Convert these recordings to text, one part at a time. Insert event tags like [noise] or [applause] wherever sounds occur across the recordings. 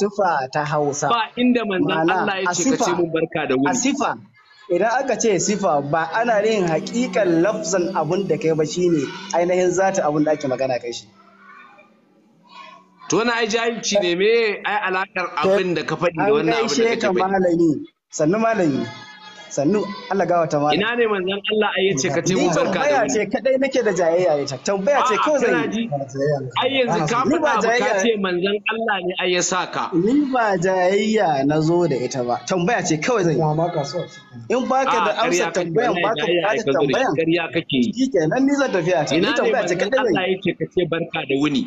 sifa ta hausa ba inda manzan Allah ya ce kace mun barka da wuri sifa idan aka ce sifa ba ana yin hakikan lafzan abun da kai ba shine ainihin zata abun da ake magana kai shi to wani ai jahilci ne me ai alakar abin da ka faɗi da wannan abin da kake malami sannu malami sannu Allah gawa ta mana ina ne manzon Allah ai ce ka ce mu barka da tambaya ce kadai nake da jayayya ita tambaya ce ko zai ai yanzu ka faɗa ka ce manzon Allah ne ai ya saka ni ba jayayya na zo da ita ba tambaya ce kawai zai in baka da amsa tambayan baka da tambayan ƙarya kake yi shikenan ni zan tafiya ta ni tambaya ce kadai Allah ce ka ce barka da wuni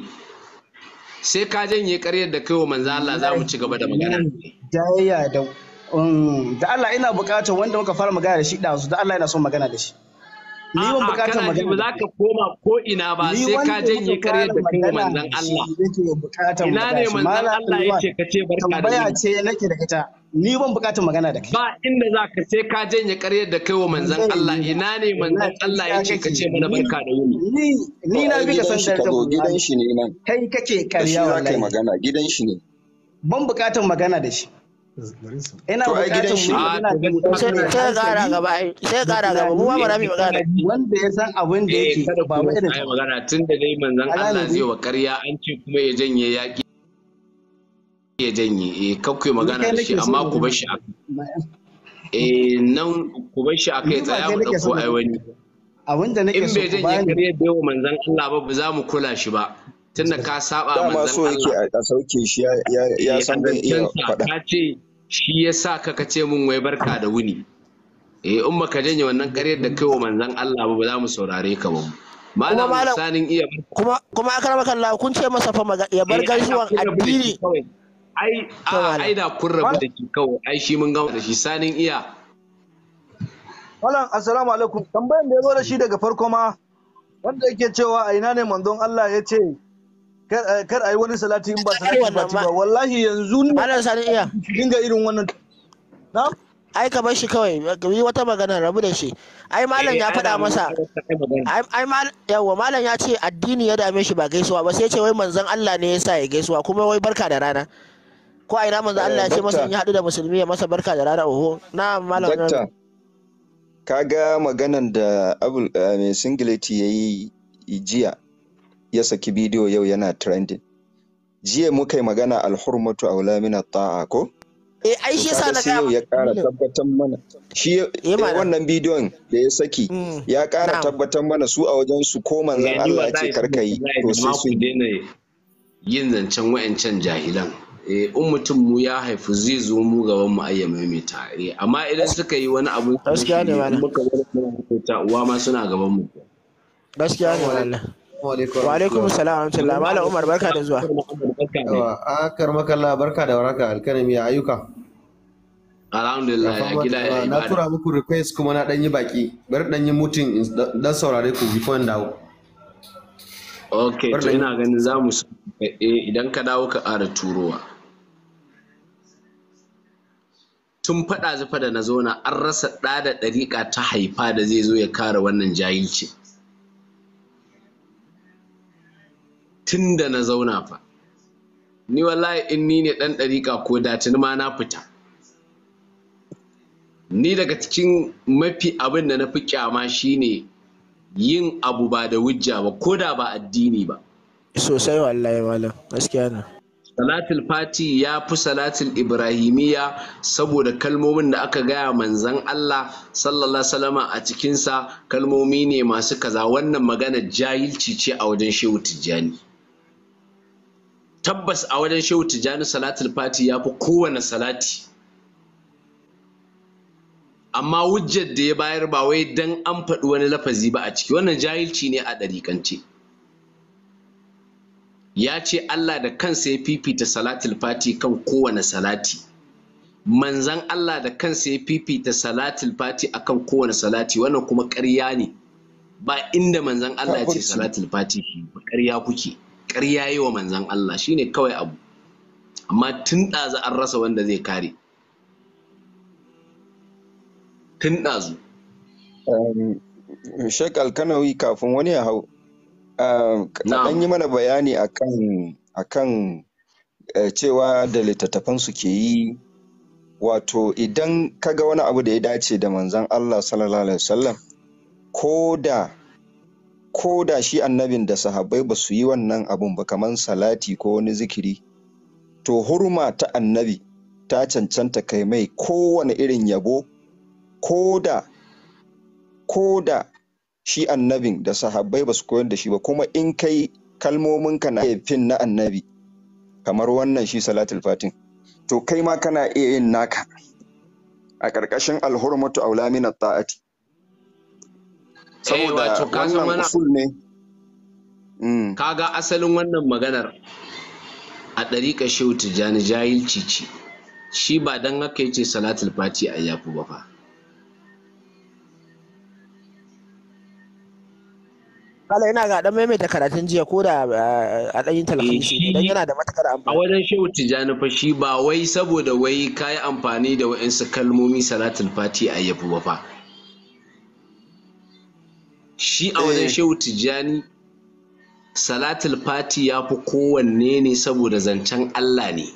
sai ka janye ƙaryar da kai wa manzon Allah za mu ci gaba da magana jayayya da Um, da Allah ina bukatar wanda muka fara magana da shi ɗazu da Allah ina son magana da shi. Ni ban bukatar magana. Ba za ka koma ko ina ba sai ka janye kare da kai manzon Allah. Ina ne manzon Allah yake ka ce barka da ni. ce nake da ita. Ni ban bukatar magana da kai. Ba inda za ka sai ka janye kare da kai wa manzon Allah. Ina ne manzon Allah yake ka ce mana barka da yini. Ni ni na bi ka san da gidan shi ne nan. Kai kake kariya wallahi. Gidan shi ne. Ban bukatar magana da shi. ina bukatun mu sai kara gaba eh, sai kara gaba mu ba mu magana wanda ya san abin da yake eh, ba mu irin magana tun da dai manzon Allah zai wa ƙarya an ce kuma ya janye yaki ya janye eh kakkui magana da shi amma ku bar shi a eh nan ku bar shi a kai tsaya ku dauko ai wani abin da nake so in bai janye ƙarya da manzon Allah ba ba za mu kula shi ba tunda ka saba dama so yake a sauke shi ya eh, san iya faɗa ka ce shi ya sa ka ka ce min wai barka da wuni eh in baka janye wannan ƙaryar da kai wa manzon Allah ba ba za mu saurare ka ba malam sanin iya kuma kuma akrama kallah kun ce masa fa ya bar eh, gaisuwan addini ai ai da kun rabu da ki kawai ai shi mun gama da shi sanin iya Malam assalamu alaikum tambayan da ya zo da shi daga farko ma wanda yake cewa a ina ne manzon Allah ya ce Eh, kar a yi wani salati in ba salati ba ba wallahi yanzu ne malam sani iya dinga irin wannan na ai ka bar shi kawai yi wata magana rabu da shi ai malam ya eh, faɗa masa ai yawa malam ya ce addini ya dame shi ba gaisuwa ba sai ce wai manzon Allah ne ya sa ya gaisuwa kuma wai barka da rana ko a ina manzon Allah ya ce eh, masa in ya haɗu da musulmi ya masa barka da rana oho na malam kaga maganan da abul mai singileti yayi jiya ya saki bidiyo yau yana trending jiya muka yi magana alhurmatu wula min ta'a ko eh ai shi yasa na ga ya kara tabbatar mana shi eh, eh, wannan bidiyon da ya saki mm. ya kara tabbatar mana su a wajen su ko manzon Allah ce karkai to sai su daina yin zancen wayancan jahilan eh, in mutum mu ya haifu zai zo mu gaban mu ayya maimaita amma idan suka yi wani abu gaskiya ne ba na uwa ma suna gaban mu gaskiya ne wallahi Wa alaikum salam wa Malam Umar barka da zuwa. Akar makalla barka da waraka alkarami ya ayyuka. Alhamdulillah ya gida ya yi Na tura muku request kuma na ɗanyi baki. Bari ɗanyi mutum dan saurare ku before in dawo. Ok, to ina ganin za mu eh, idan ka dawo ka ƙara turowa. Tun faɗa zufa da na zo na an rasa ɗa da ɗariƙa ta haifa da zai zo ya kare wannan jahilci. tun da na zauna fa ni wallahi in ni ne ɗan ɗariƙa ko datin ma na fita ni daga cikin mafi abin da na fi kyama shine yin abu ba da wujja ba ko da ba addini ba sosai wallahi malam gaskiya na salatul fati ya fi salatul ibrahimiya saboda kalmomin da aka gaya manzan Allah sallallahu salama a cikinsa kalmomi ne masu kaza wannan magana jahilci ce a wajen shehu tijjani tabbas a wajen shehu tijjani salatul fati ya fi kowane salati amma hujjar da ya bayar ba wai dan an faɗi wani lafazi ba a ciki wannan jahilci ne a ɗarikance ya ce Allah da kansa ya fifita salatul fati kan kowane salati manzan Allah da kansa ya fifita salatul fati akan kowane salati wannan kuma ƙarya ne ba inda manzan Allah ya ce salatul fati ba ƙarya kuke ƙarya yi wa manzan Allah shine kawai abu amma tun ɗazu an rasa wanda zai kare tun ɗazu um, Sheikh Alkanawi kafin wani ya hau um, an yi mana bayani akan akan eh, cewa da littattafan su ke yi wato idan kaga wani abu da ya dace da manzan Allah sallallahu alaihi wasallam ko da ko da shi annabin da sahabbai ba su yi wannan abun ba kamar salati ko wani zikiri to hurma ta annabi ta cancanta kai mai kowane irin yabo ko da ko da shi annabin da sahabbai ba su koyar da shi ba kuma in kai kalmomin ka na fin na annabi kamar wannan shi salatul fatin to kai ma kana iya yin naka a ƙarƙashin alhurmatu aulamina ta'ati saboda eh, wannan usul ne mm. kaga asalin wannan maganar a ɗariƙa shehu jani jahilci ce shi ba don haka yace salatul fati a yafi ba fa Kala yana ga dan maimaita karatun jiya ko da eh, a ɗanyin talafisi eh, ne dan yana da matakar amfani. A wajen shehu tijjani fa shi ba wai saboda wai kayi amfani da wa'insu kalmomi salatul fati a yafi ba fa. shi a wajen eh. shehu tijjani salatul fati ya fi kowanne ne saboda zancen Allah ne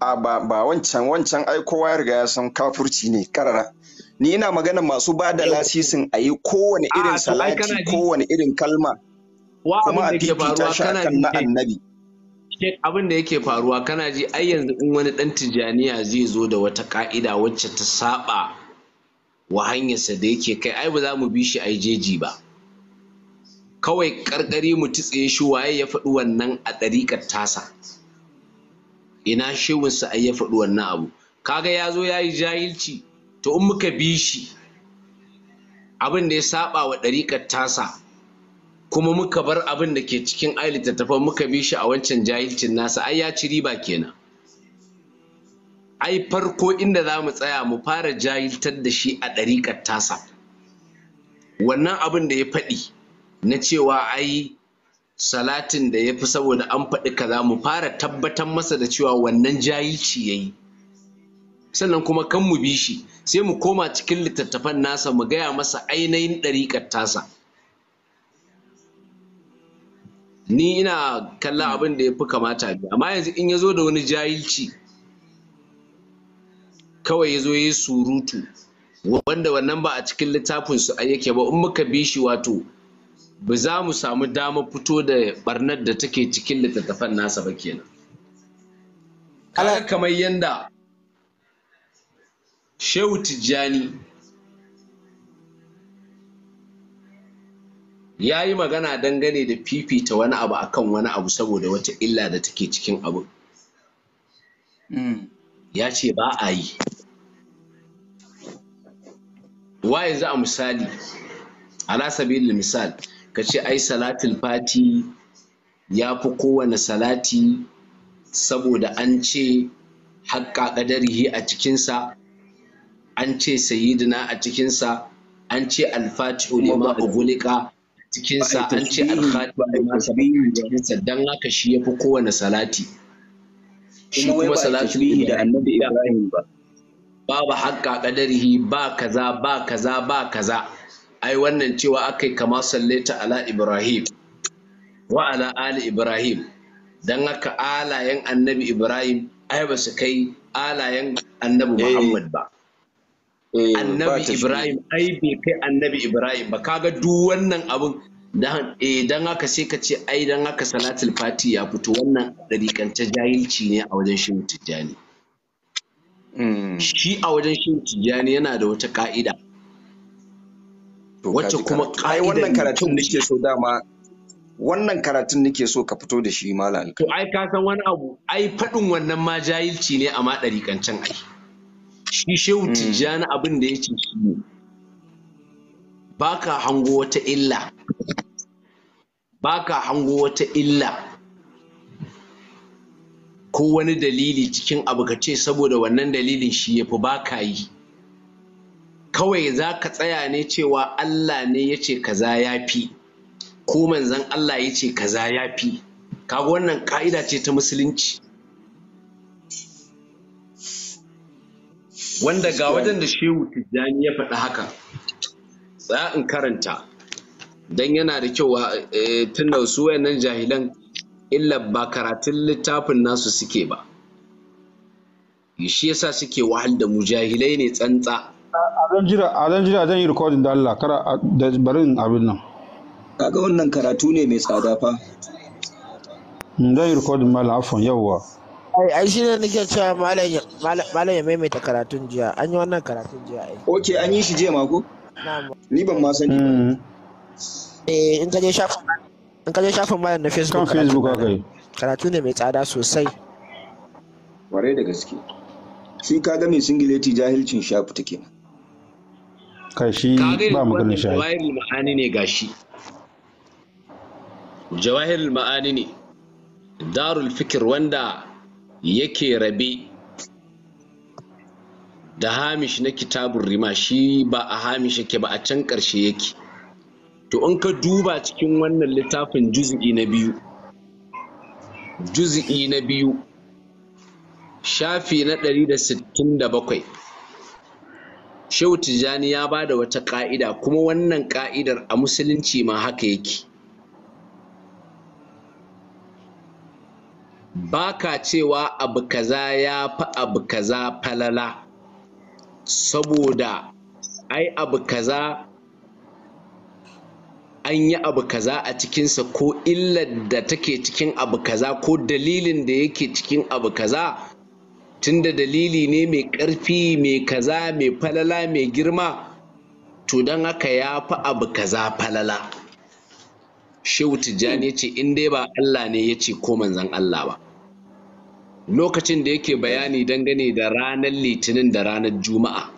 a ba wancan wancan ai kowa ya riga ya san kafurci ne karara ni ina magana masu ba da lasisin a yi kowane irin salati kowane irin kalma kuma a fifita shi akan na annabi abin da yake faruwa kana ji ai yanzu in wani dan tijaniya zai zo da wata ka'ida wacce ta saba wa hanyarsa da yake kai ai ba za mu bi shi ai jeji ba kawai karkari mu titse shi waye ya faɗi wannan a ɗariƙar tasa ina sa ai ya faɗi wannan abu kaga ya zo ya yi jahilci to in muka bi shi abin da ya saba wa ɗariƙar tasa kuma muka bar abin da ke cikin ai littattafan muka bi shi a wancan jahilcin nasa ai ya ci riba kenan ai farko inda za mu tsaya mu fara jahiltar da shi a ɗariƙar tasa wannan abin da ya faɗi na cewa ai salatin da ya fi saboda an faɗi kaza mu fara tabbatar masa da cewa wannan jahilci ya yi sannan kuma kan mu bi shi sai mu koma cikin littattafan nasa mu gaya masa ainihin ɗariƙar tasa ni ina kallon abin da ya fi kamata amma yanzu in ya zo da wani jahilci kawai ya zo ya yi surutu wanda wannan ba a cikin littafinsu a yake ba in muka bi shi wato ba za mu samu damar fito da barnar da take cikin littattafan nasa ba kenan kamar yadda shehu tijjani ya yi magana dangane da fifita wani abu akan wani abu saboda wata illa da take cikin abu hmm. ya ce ba a yi Waye za a misali ala sabilil misal ka ce ai salatul fati ya fi kowane salati saboda an ce haƙƙa ƙadarihi a cikinsa an ce sayidina a cikinsa an ce alfatihu lima ugulika a cikinsa an ce alfatihu lima a cikinsa don haka shi ya fi kowane salati shi kuma salatu da annabi ibrahim ba babu haƙƙa ƙadarihi ba kaza ba kaza ba kaza ai wannan cewa akai kama sallaita ala ibrahim wa ala ali ibrahim don haka alayen annabi ibrahim ai ba su kai alayen annabi eh. muhammad ba eh, annabi ibrahim ai bai kai annabi ibrahim ba kaga duk wannan abun don eh, haka sai ka ce ai don haka salatul fati ya fito wannan ɗariƙance jahilci ne a wajen shi tijjani. Mm. shi a wajen shi tijjani yana da wata ka'ida wacce kuma ka'ida wannan karatun nake so dama wannan karatun nake so ka fito da shi malam to ai ka san wani abu ai fadin wannan ma jahilci ne a ma ɗariƙancen ai shi shehu mm. tijjani abin da yake shi ne baka hango wata illa baka hango wata illa ko wani dalili cikin abu ka ce saboda wannan dalilin shi ya fi ba ka yi kawai za ka tsaya ne cewa Allah ne ya ce kaza ya fi ko manzan Allah ya ce kaza ya fi kaga wannan ka'ida ce ta musulunci wanda ga wajen da shehu tijjani ya faɗi haka tsaya in karanta don yana da kyau eh, tun da su wayannan jahilan illa ba karatun littafin nasu suke ba shi yasa suke wahal da mujahilai ne tsantsa a zan jira zan yi recording da Allah kara da barin abin nan kaga wannan karatu ne mai tsada fa mm, zan yi recording Mallam afon yawwa ai ai shi ne nake cewa malam ya maimaita karatun jiya an yi wannan karatun jiya ai okay an yi shi jiya mako ni ban ma sani mm. eh in ka je shafin in ka je shafin malam na facebook kan facebook haka yi karatu ne mai tsada sosai ware da gaske shi ka ga mai singileti jahilcin shafi take kai shi ba maganin shafi jawahirul ma'ani ne gashi jawahirul ma'ani ne darul fikir wanda yake rabe da hamish na kitabun rima shi ba a hamish yake ba a can ƙarshe yake to in ka duba cikin wannan littafin juz'i na biyu juz'i na biyu shafi na bakwai. shehu tijjani ya ba da wata ƙa'ida kuma wannan ƙa'idar a musulunci ma haka yake ba ka cewa abu kaza ya fi abu kaza falala saboda ai abu kaza an yi abu kaza a cikinsa ko illar da take cikin abu kaza ko dalilin da yake cikin abu kaza tunda dalili ne mai ƙarfi mai kaza mai falala mai girma to don haka ya fi abu kaza falala shehu tijjani ya ce in dai ba allah ne ya ce ko manzan allah ba lokacin da yake bayani dangane da ranar litinin da ranar juma'a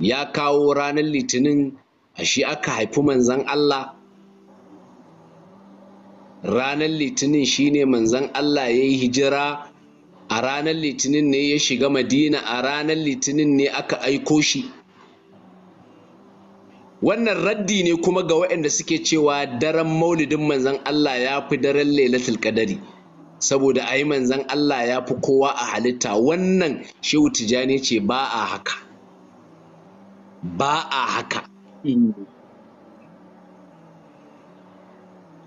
ya kawo ranar litinin a shi aka haifi manzan Allah ranar litinin shine manzan Allah ya yi hijira a ranar litinin ne ya shiga madina a ranar litinin ne aka aiko shi wannan raddi ne kuma ga waɗanda suke cewa daren maulidin manzan Allah ya fi daren lailatul qadari saboda ai manzan Allah ya fi kowa a halitta wannan shehu tijani ce ba a haka ba a haka Hmm.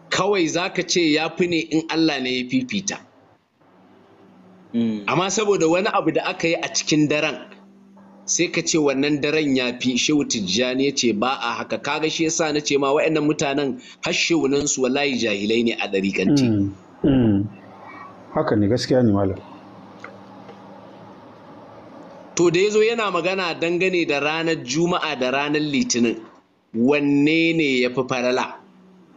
Kawai za ka ce ya fi ne in Allah ne ya fifita. Hmm. Amma saboda wani abu da aka yi a cikin daren, sai ka ce wannan daren ya fi shehu tijjani ya ce ba a haka kaga shi yasa na ce ma wa'annan mutanen har su wallahi jahilai ne a ɗarikanci. Hmm. Haka ne gaskiya ne malam. to da ya zo yana magana dangane da ranar juma'a da ranar litinin wanne ne ya fi farala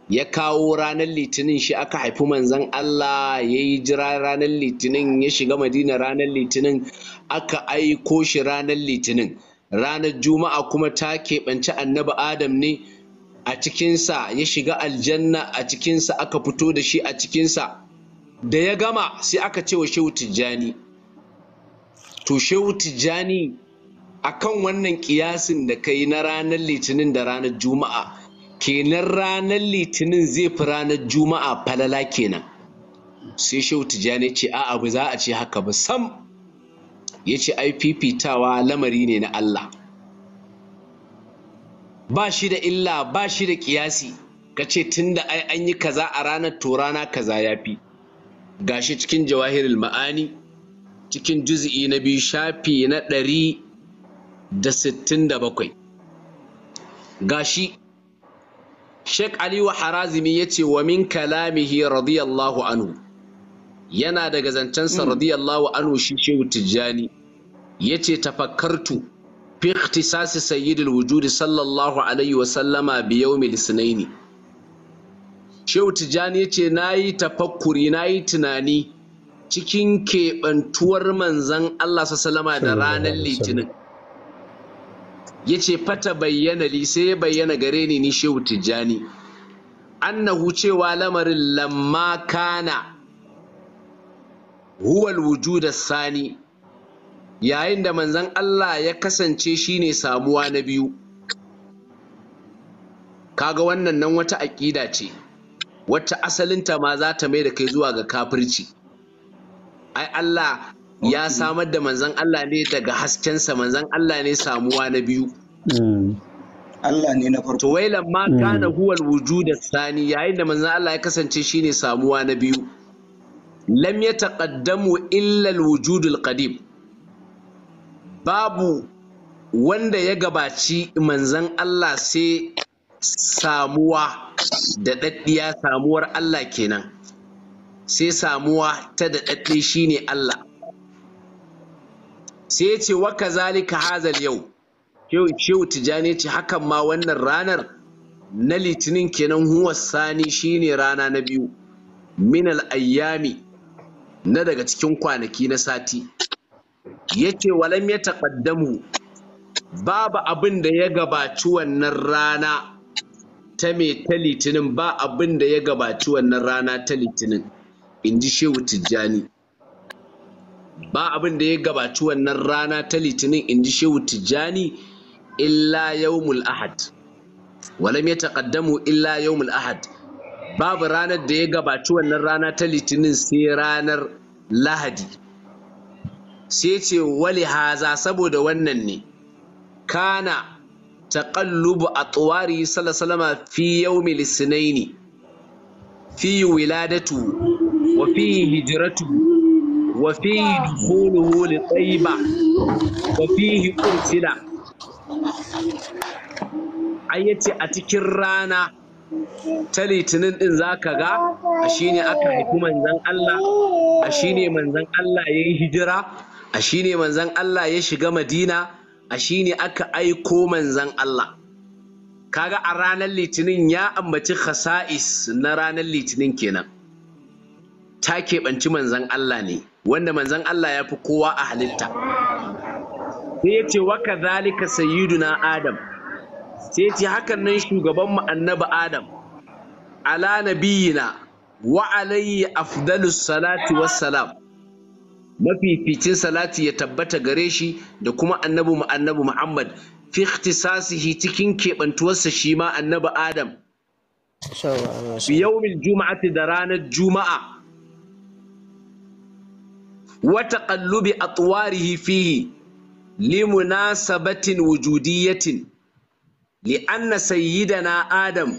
ya kawo ranar litinin shi aka haifi manzan Allah ya yi jira ranar litinin ya shiga madina ranar litinin aka aiko shi ranar litinin ranar juma'a kuma ta keɓanci annabi adam ne a cikinsa ya shiga aljanna a cikinsa aka fito da shi a cikinsa da ya gama sai aka ce wa shehu tijjani to shehu tijjani kan wannan kiyasin da ka yi na ranar litinin da ranar juma'a kenan ranar litinin zai fi ranar juma'a falala kenan sai shehu tijjani ce a'a ba za a ce haka ba sam ya ce ai fifitawa lamari ne na Allah ba shi da illa ba shi da kiyasi ka ce tunda ai an yi kaza a ranar to rana kaza ya fi gashi cikin jawahirul ma'ani cikin juz'i na biyu shafi na ɗari da sittin da bakwai gashi Sheikh Ali wa Harazimi ya ce wa min kalamihi radiyallahu anhu yana daga zancensa hmm. radiyallahu anhu shi shehu tijjani ya ce tafakkartu fi ikhtisasi sayyidul wujudi sallallahu alaihi wa sallama bi yawmil isnaini shehu tijjani ya ce nayi tafakkuri nayi tunani cikin keɓantuwar manzan Allah sallama da ranar litinin ya ce fata bayyana li sai ya bayyana gare ni ni shehu tijjani annahu cewa lamarin lamma kana huwal da sani yayin da manzan Allah ya kasance shine samuwa na biyu kaga wannan nan wata aƙida ce wata asalinta ma za ta mai da kai zuwa ga kafirci ai Allah ya samar da manzan Allah ne daga haskensa manzan Allah ne samuwa na biyu hmm. Allah ne na farko wailan ma hmm. kana huwal wujuda sani yayin da manzan Allah ya kasance shine samuwa na biyu lam yataqaddamu illa alwujudul qadim babu wanda ya gabaci manzan Allah sai samuwa da daddiya samuwar Allah kenan sai samuwa ta daɗaɗɗe shine Allah sai ce wa zalika hazal yau shehu tijjani ce hakan ma wannan ranar na litinin kenan huwa sani shine rana na biyu minal ayyami na daga cikin kwanaki na sati Ya yace walam ya taqaddamu babu abin da ya gabaci wannan rana ta mai ta litinin ba abin da ya gabaci wannan rana ta litinin in ji shehu tijjani ba abin da ya gabaci wannan rana ta litinin in ji shehu tijjani illa yawmul ahad walam ya taƙaddamu illa yawmul ahad babu ranar da ya gabaci wannan rana ta litinin sai ranar lahadi sai ce wali haza saboda wannan ne kana taƙallubu a tsawari salasalama fi yawmil sinaini fi wiladatu فيه هجرته وفيه دخوله لطيبة وفيه أرسل ayyace a cikin rana ta litinin din zaka ga a shine aka haifi manzon Allah a shine manzon Allah ya yi hijira a shine manzon Allah ya shiga Madina a shine aka aiko manzon Allah kaga a ranar litinin ya ambaci khasa'is na ranar litinin kenan ta keɓanci manzan Allah ne wanda manzan Allah ya fi kowa a halitta sai ya ce waka zalika sayyiduna adam sai ya ce hakan nan shugaban mu annabi adam ala nabiyina wa alayhi afdalus salati wassalam mafificin salati ya tabbata gare shi da kuma annabi mu annabi Muhammad fi ikhtisasihi cikin keɓantuwarsa shi ma annabi Adam fi juma'a juma'ati da ranar juma'a wa taqallubi atwarihi fihi sabatin wujudiyatin li'anna sayyidana adam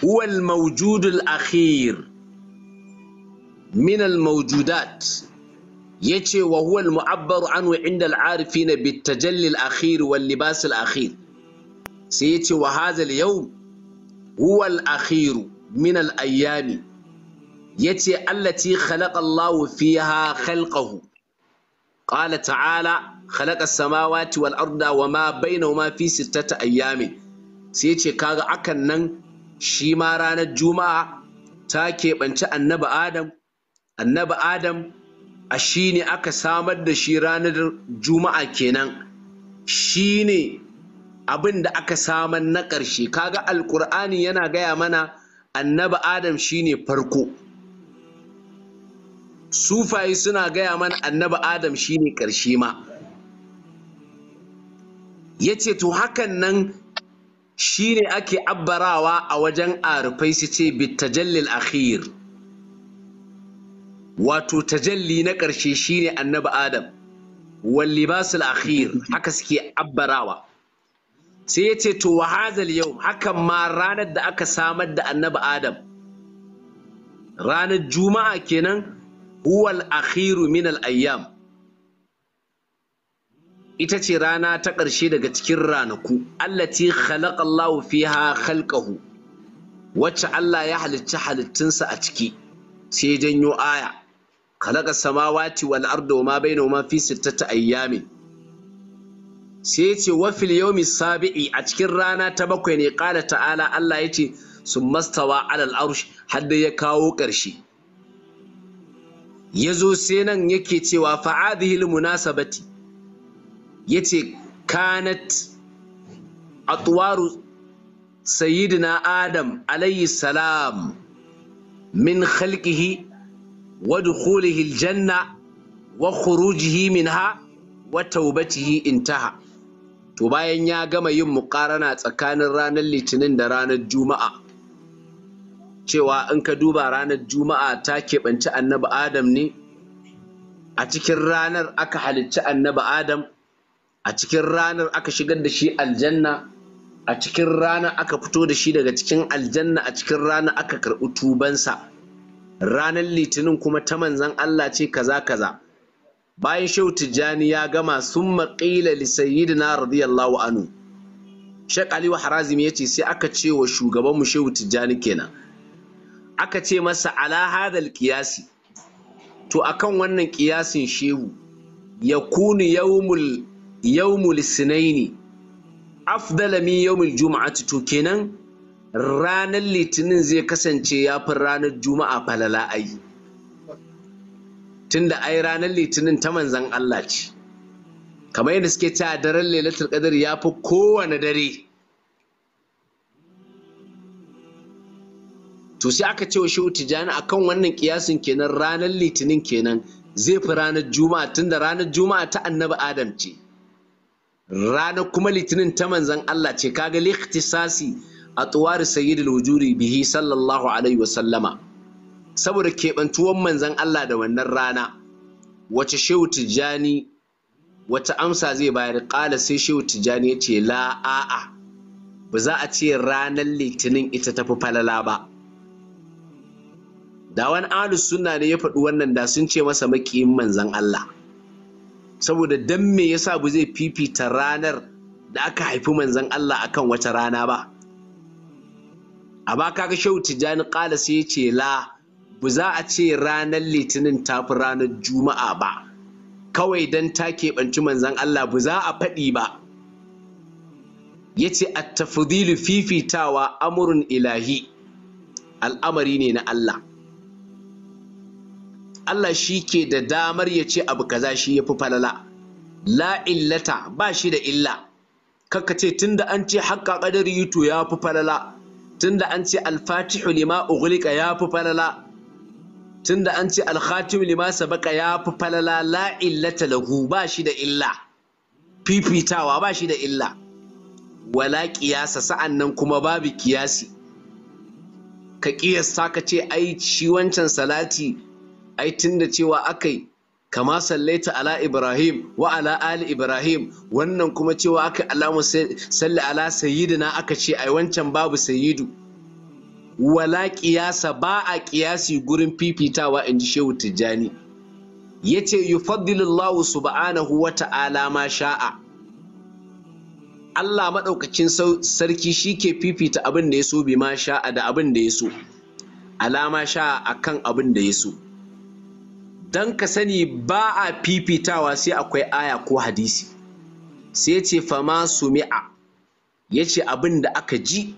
huwa al-mawjud al-akhir minal mawjudat. Ya yace wa huwal al-mu'abbaru anhu inda al na bit-tajalli al-akhir wal-libas al-akhir sai yace wa hazal yau huwal akhiru minal ayyami yace allati khalaqallahu fiha khalqahu Ƙala ta'ala khalaqa samawati wal arda wama bainahuma fi sittati ayyamin sai yace kaga akan nan shi ma ranar juma'a ta keɓanci annabi adam annabi adam a shi ne aka samar da shi ranar juma'a kenan shi ne abin da aka samar na ƙarshe kaga Alƙur'ani yana gaya mana annabi adam shi ne farko sufaye suna gaya mana annabi adam shine ƙarshe ma ya ce to hakan nan shi ake abbarawa a wajen arufai su ce bitajallil akhir wato tajalli na ƙarshe shine annaba annabi adam wallibasul akhir haka suke abbarawa sai ya ce to wahazal yau hakan ma ranar da aka samar da annabi adam ranar juma'a kenan huwal akhiru min al'ayyam. ayyam ita ce rana ta ƙarshe daga cikin ranaku allati khalaqallahu fiha khalqahu wacce Allah ya halicci halittunsa a ciki sai janyo aya khalaqa samawati wal arda wama bainahuma fi sittati ayyamin sai ce wa fil yawmi sabi'i a cikin rana ta bakwai ne qala ta'ala Allah yace summastawa alal arsh hadda ya kawo ƙarshe ya zo sai nan yake cewa fa'adihil munasabati ya ce kanat tuwaru-sayidina adam alayhi salam min khalqihi wa dukhulihi aljanna wa khurujihi minha wa taubatihi intaha to bayan ya gama yin muqarana tsakanin ranar litinin da ranar juma'a cewa in ka duba ranar juma'a ta keɓanci annabi adam ne a cikin ranar aka halicci annabi adam a cikin ranar aka shigar da shi aljanna a cikin ranar aka fito da shi daga cikin aljanna a cikin ranar aka karɓi tubansa ranar litinin kuma ta manzan Allah ce kaza kaza bayan shehu tijjani ya gama sun maƙila lissayyidina radiyallahu anhu shek wa harazim ya ce sai aka ce wa shugabanmu shehu tijjani kenan aka ce masa ala kiyasi to akan wannan kiyasin shehu ya kuni yawmul yawmul sinaini afdala min yawmul to kenan ranar litinin zai kasance ya fi ranar juma'a falala ai tunda ai ranar litinin ta manzan Allah ce kamar yadda suke ta daren lailatul qadr ya fi kowane dare to sai aka ce wa shehu tijjani akan wannan kiyasin kenan ranar litinin kenan zai fi ranar juma'a tunda ranar juma'a ta annabi adam ce ranar kuma litinin ta manzan Allah ce kaga liktisasi a tuwari sayyidul wujuri bihi sallallahu alaihi wasallama saboda keɓantuwan manzan Allah da wannan rana wace shehu tijani wata amsa zai bayar ƙala sai shehu Tijani ya ce la ba za a ce ranar litinin ita tafi falala ba da wani ahlus sunna ne ya faɗi wannan da sun ce masa makiyin manzan Allah saboda dan me yasa bu zai fifita ranar da aka haifi manzan Allah akan wata rana ba ba kaga shehu tijjani ƙala sai ya ce la bu za a ce ranar litinin tafi ranar juma'a ba kawai don ta keɓanci manzan Allah bu za a faɗi ba ya ce a tafudilu fifitawa amurin ilahi al'amari ne na Allah Allah shi ke da damar ya ce abu kaza shi ya fi falala la illata ba shi da illa kaka ce tun da an ce haƙƙa ƙadari yuto ya fi falala tun da an ce alfatihu lima ughliqa ya fi falala tun da an ce alkhatimu lima sabaka ya fi falala la illata lahu ba shi da illa fifitawa ba shi da illa wala kiyasa sa'an nan kuma babu kiyasi ka kiyasta ka ce ai shi wancan salati ai tunda cewa akai kama sallaita ala ibrahim wa ala ali ibrahim wannan kuma cewa aka alamu salli ala na aka ce ai wancan babu sayyidu wala kiyasa ba a kiyasi gurin fifitawa in ji shehu tijjani ya ce yufaddilillahu subhanahu wa ta'ala ma sha'a Allah Maɗaukacin sarki shi ke fifita abin da ya so bi ma sha'a da abin da ya so alama sha'a akan abin da ya so don ka sani ba a fifitawa sai akwai aya ko hadisi sai ce fama sumi'a ya ce abin da aka ji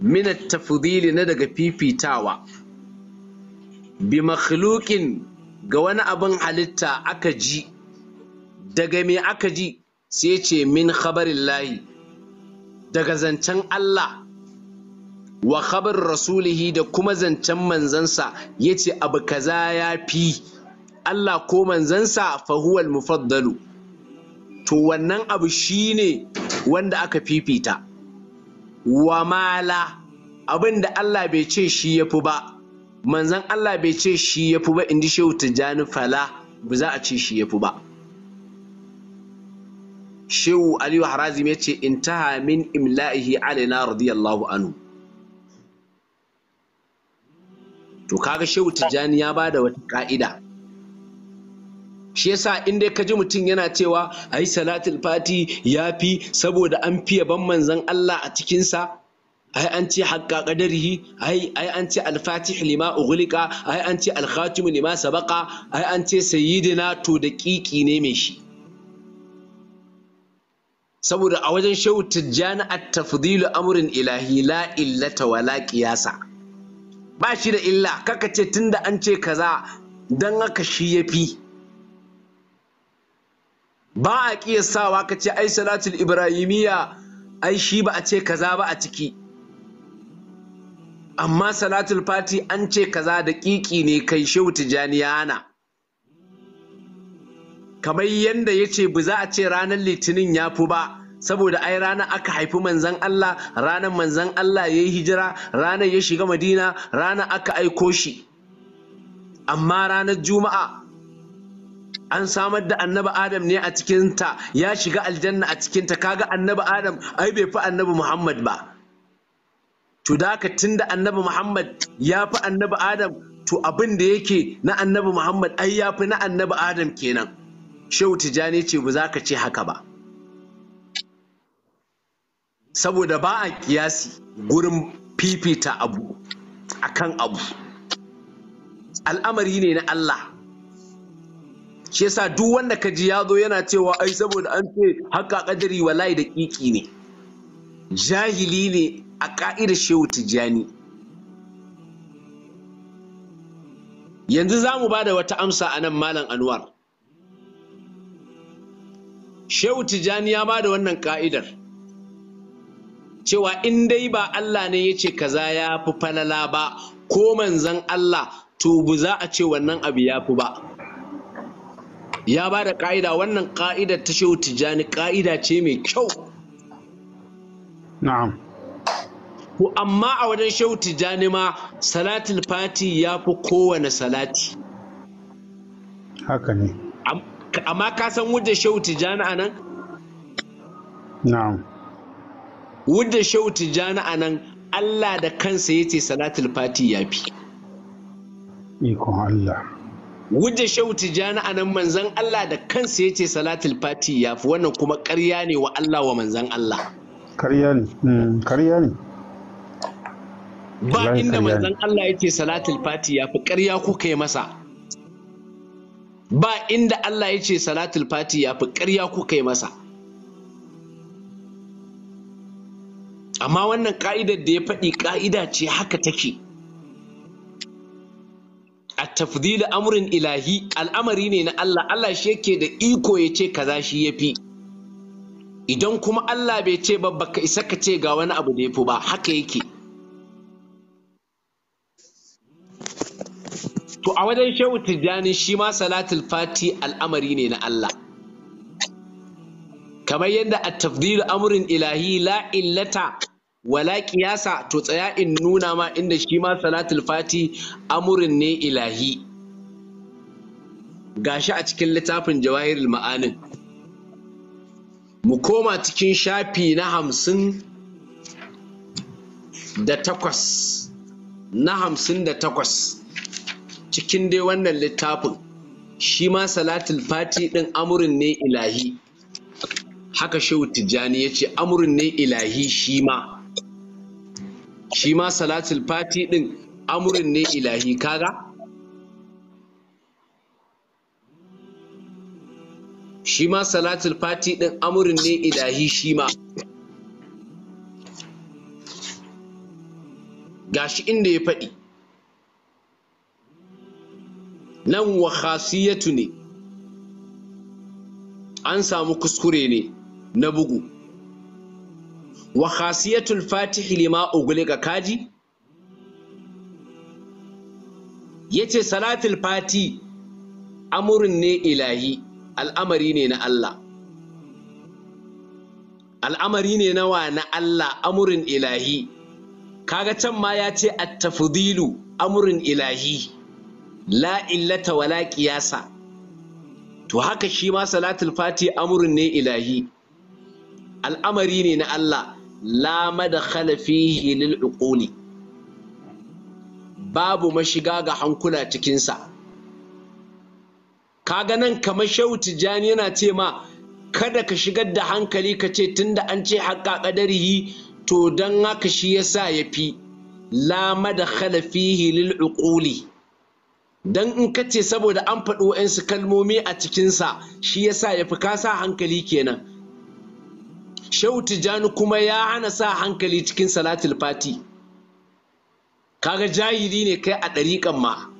minat tafdili na daga fifitawa bi makhluqin ga wani abin halitta aka ji daga me aka ji sai ce min khabarin layi daga zancen Allah wa khabar rasulihi da kuma zancen manzansa ya ce abu kaza ya fi Allah ko manzansa fahuwal mufaddalu to wannan abu shine wanda aka fifita wa mala abin da Allah bai ce shi ya ba manzan Allah bai ce shi ya ba indi shehu tijjani fala ba za a ce shi yafi ba shehu aliyu harazim ya ce intaha min imla'ihi alaina radiyallahu anhu to kaga shehu tijjani ya bada wata ka'ida shi yasa in dai ka ji mutum yana cewa ayi salatul fati ya fi." saboda an fiye ban manzon Allah a cikinsa ai an ce haƙƙa ƙadarihi ai ai an ce alfatih lima ughliqa ai an ce alkhatim lima sabaqa ai an ce sayyidina to da kiki ne mai shi saboda a wajen shehu tijjani at-tafdilu amrin ilahi la illata wala qiyasa ba shi da illa kaka ce tunda an ce kaza dan haka shi yafi ba a ƙiyasawa ka ce ai salatul ibrahimiyya ai shi ba a ce kaza ba a ciki amma salatul fati an ce kaza da ƙiƙi ne kai shehu tijjani ya kamar yadda ya ce ba za a ce ranar litinin ya fi ba saboda ai ranar aka haifi manzan Allah ranar manzan Allah ya yi hijira ranar ya shiga madina ranar aka aiko shi amma ranar juma'a an samar da annabi adam ne a cikin ya shiga aljanna a cikinta, kaga annabi adam ai bai fi annabi muhammad ba to da haka tunda annabi muhammad ya fi annabi adam to abin da yake na annabi muhammad ai ya fi na annabi adam kenan shehu tijani ce ba za ka ce haka ba saboda ba a kiyasi gurin fifita abu akan abu al'amari ne na allah shi yasa duk wanda ka ji ya zo yana cewa ai saboda an ce haka kadari wallahi da kiki ne jahili ne a ka'idar shehu tijjani yanzu za mu ba da wata amsa a nan malam anwar shehu tijjani ya ba da wannan ka'idar cewa in dai ba allah ne ya ce kaza ya fi falala ba ko manzan allah to bu za a ce wannan abu ya fi ba ya ba da ƙa'ida wannan ka'idar ta shehu tijjani ƙa'ida ce mai kyau na'am ko amma a wajen shehu tijjani ma salatin fati ya fi kowane salati haka ne amma ka san wujda shehu tijjani a nan na'am wujda shehu tijjani a nan allah da kansa ya ce salatul fati ya fi ikon allah Guje Shehu Tijjani a nan manzan Allah da kansa ya ce salatul fati ya fi wannan kuma karya ne wa Allah wa manzan Allah. Karya ne, karya hmm, ne. Ba inda manzan Allah ya ce salatul fati ya fi karya kuka kai masa. Ba inda Allah ya ce salatul fati ya fi karya kuka kai masa. Amma wannan ka'idar da ya faɗi ka'ida ce haka take. a tafdilu amurin ilahi al'amari ne na Allah Allah shi yake da iko ya ce kaza shi ya fi. idan kuma Allah bai ce ba baka isa ka ce ga wani abu da yafi ba haka yake to a wajen shehu tijjani shi ma salatul fati al'amari ne na Allah kamar yadda a tafdilu amurin ilahi la illata wala kiyasa to tsaya in nuna ma inda shi ma salatul fati amurin ne ilahi gashi a cikin littafin jawahirul ma'anin mu koma cikin shafi na hamsin da takwas na hamsin da takwas cikin dai wannan littafin shi ma salatul fati din amurin ne ilahi haka shehu tijjani ya ce amurin ne ilahi shi ma shi ma salatul fati din amurin ne ilahi kaga shi ma salatul fati din amurin ne ilahi shi ma gashi inda ya faɗi nan wa khasiyatu ne an samu kuskure ne na bugu wa khasiyatul fatihi lima ughliqa kaji yace salatul fati amurin ne ilahi al'amari ne na Allah al'amari ne nawa na Allah amurin ilahi kaga can ma yace attafdilu at amurin ilahi la illata wala qiyasa to haka shi ma salatul fati amurin ne ilahi al'amari ne na Allah la da fihi lil uquli babu mashiga ga hankula cikinsa kaga nan kamar Shauti, tijjani yana ce ma kada ka shigar da hankali ka ce tunda an ce haƙa ƙadarihi to dan haka shi yasa ya fi la madkhala fihi lil uquli dan in kace saboda an faɗi wa'ansu kalmomi a cikinsa shi yasa yafi kasa hankali kenan Shehu Tijjani kuma ya hana sa hankali cikin salatul fati kaga jahili ne kai a ɗariƙan ma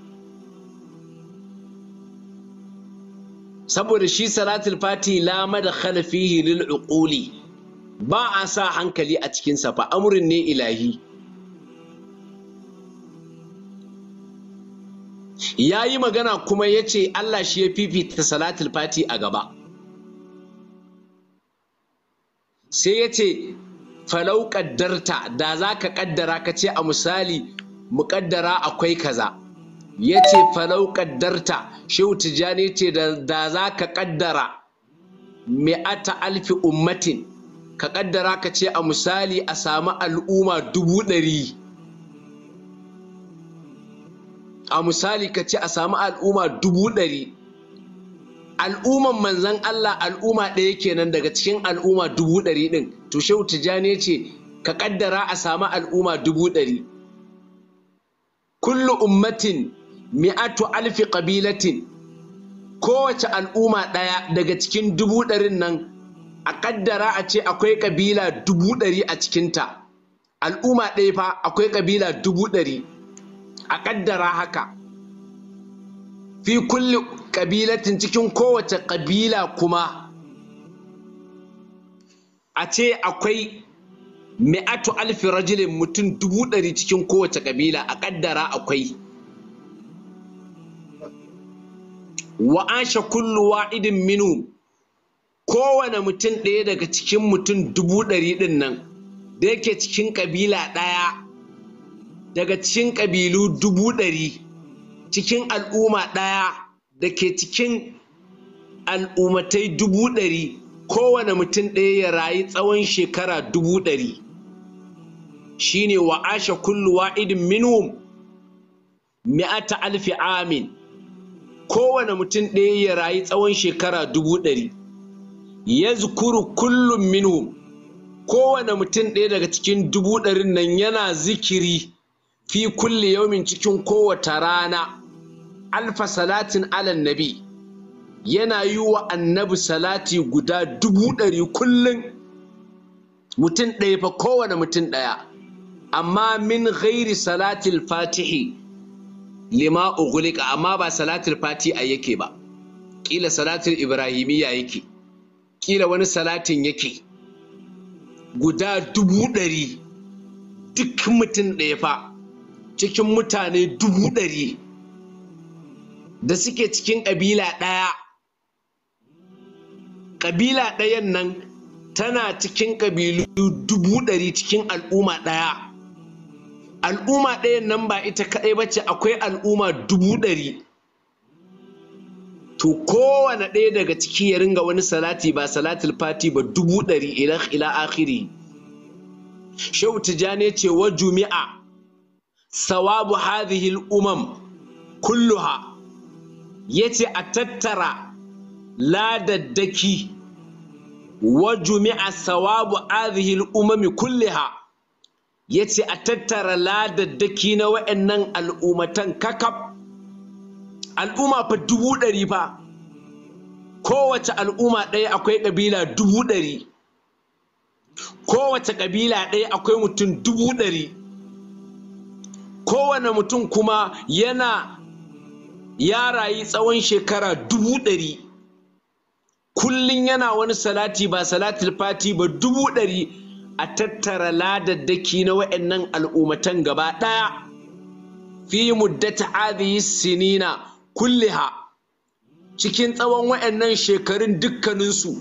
saboda shi salatul fati la da fihi lil uquli ba a sa hankali a cikin sa fa ne ilahi yayi magana kuma ya ce Allah shi ya fifita salatul fati a gaba sai ya ce falau kaddarta da za ka kaddara ka ce a misali mu kaddara akwai kaza ya ce falau ƙaddarta shehu tijjani ce da za ka mai mi'ata alfi ummatin ka kaddara ka ce a misali a samu al'umma dubu ɗari a misali ka ce a samu al'umma dubu ɗari al'umman manzan Allah al'umma ɗaya kenan daga cikin al'umma dubu ɗari ɗin to shehu tijjani ce ka ƙaddara a sami al'umma dubu ɗari kullu ummatin mi'atu alfi ƙabilatin kowace al'umma ɗaya daga cikin dubu ɗarin nan a ƙaddara a ce akwai ƙabila dubu ɗari a cikinta al'umma ɗaya fa akwai ƙabila dubu ɗari a ƙaddara haka fi kulli ƙabilatin cikin kowace ƙabila kuma a ce akwai mi'atu alfi rajilin mutum dubu ɗari cikin kowace ƙabila a ƙaddara akwai wa sha kullu wa'idin minu kowane mutum ɗaya daga cikin mutum dubu ɗari ɗin nan da yake cikin ƙabila ɗaya daga cikin ƙabilu dubu ɗari cikin al'umma ɗaya da ke cikin al'ummatai dubu ɗari kowane mutum ɗaya ya rayu tsawon shekara dubu ɗari shi ne wa asha kullu wa'idin minhum mi'ata alfi amin kowane mutum ɗaya ya rayu tsawon shekara dubu ɗari ya zukuru kullum minhum kowane mutum ɗaya daga cikin dubu ɗarin nan yana zikiri fi kulle yaumin cikin kowace rana alfa salatin alan nabi yana yi wa annabi salati guda dubu ɗari kullum mutum ɗaya fa kowane mutum ɗaya amma min ghairi salatil fatihi lima ugulika amma ba salatil fatiha yake ba kila salatil ibrahimiyya yake Ƙila wani salatin yake guda dubu ɗari duk mutum ɗaya fa cikin mutane dubu ɗari da suke cikin ƙabila ɗaya ƙabila ɗayan nan tana cikin ƙabilu dubu ɗari cikin al'umma ɗaya al'umma ɗayan nan ba ita kaɗai ba ce akwai al'umma dubu ɗari to kowane ɗaya daga ciki ya ringa wani salati ba salatul fati ba dubu ɗari ila ila akhiri shehu tijani ce wa jumi'a sawabu hadhihi al-umam kulluha ya ce a tattara ladaddaki wa jumi'a sawabu azihil umami kulliha ya ce a tattara ladaddaki na wa'annan al'ummatan kakaf al'umma fa dubu ɗari fa kowace al'umma ɗaya akwai ƙabila dubu ɗari kowace ƙabila ɗaya akwai mutum dubu ɗari kowane mutum kuma yana ya rayu tsawon shekara dubu ɗari kullum yana wani salati ba salatul fati ba dubu ɗari a tattara ladaddaki na wa'annan al'ummatan gaba ɗaya fi muddata hadhihi sinina kulliha cikin tsawon wa'annan shekarun dukkaninsu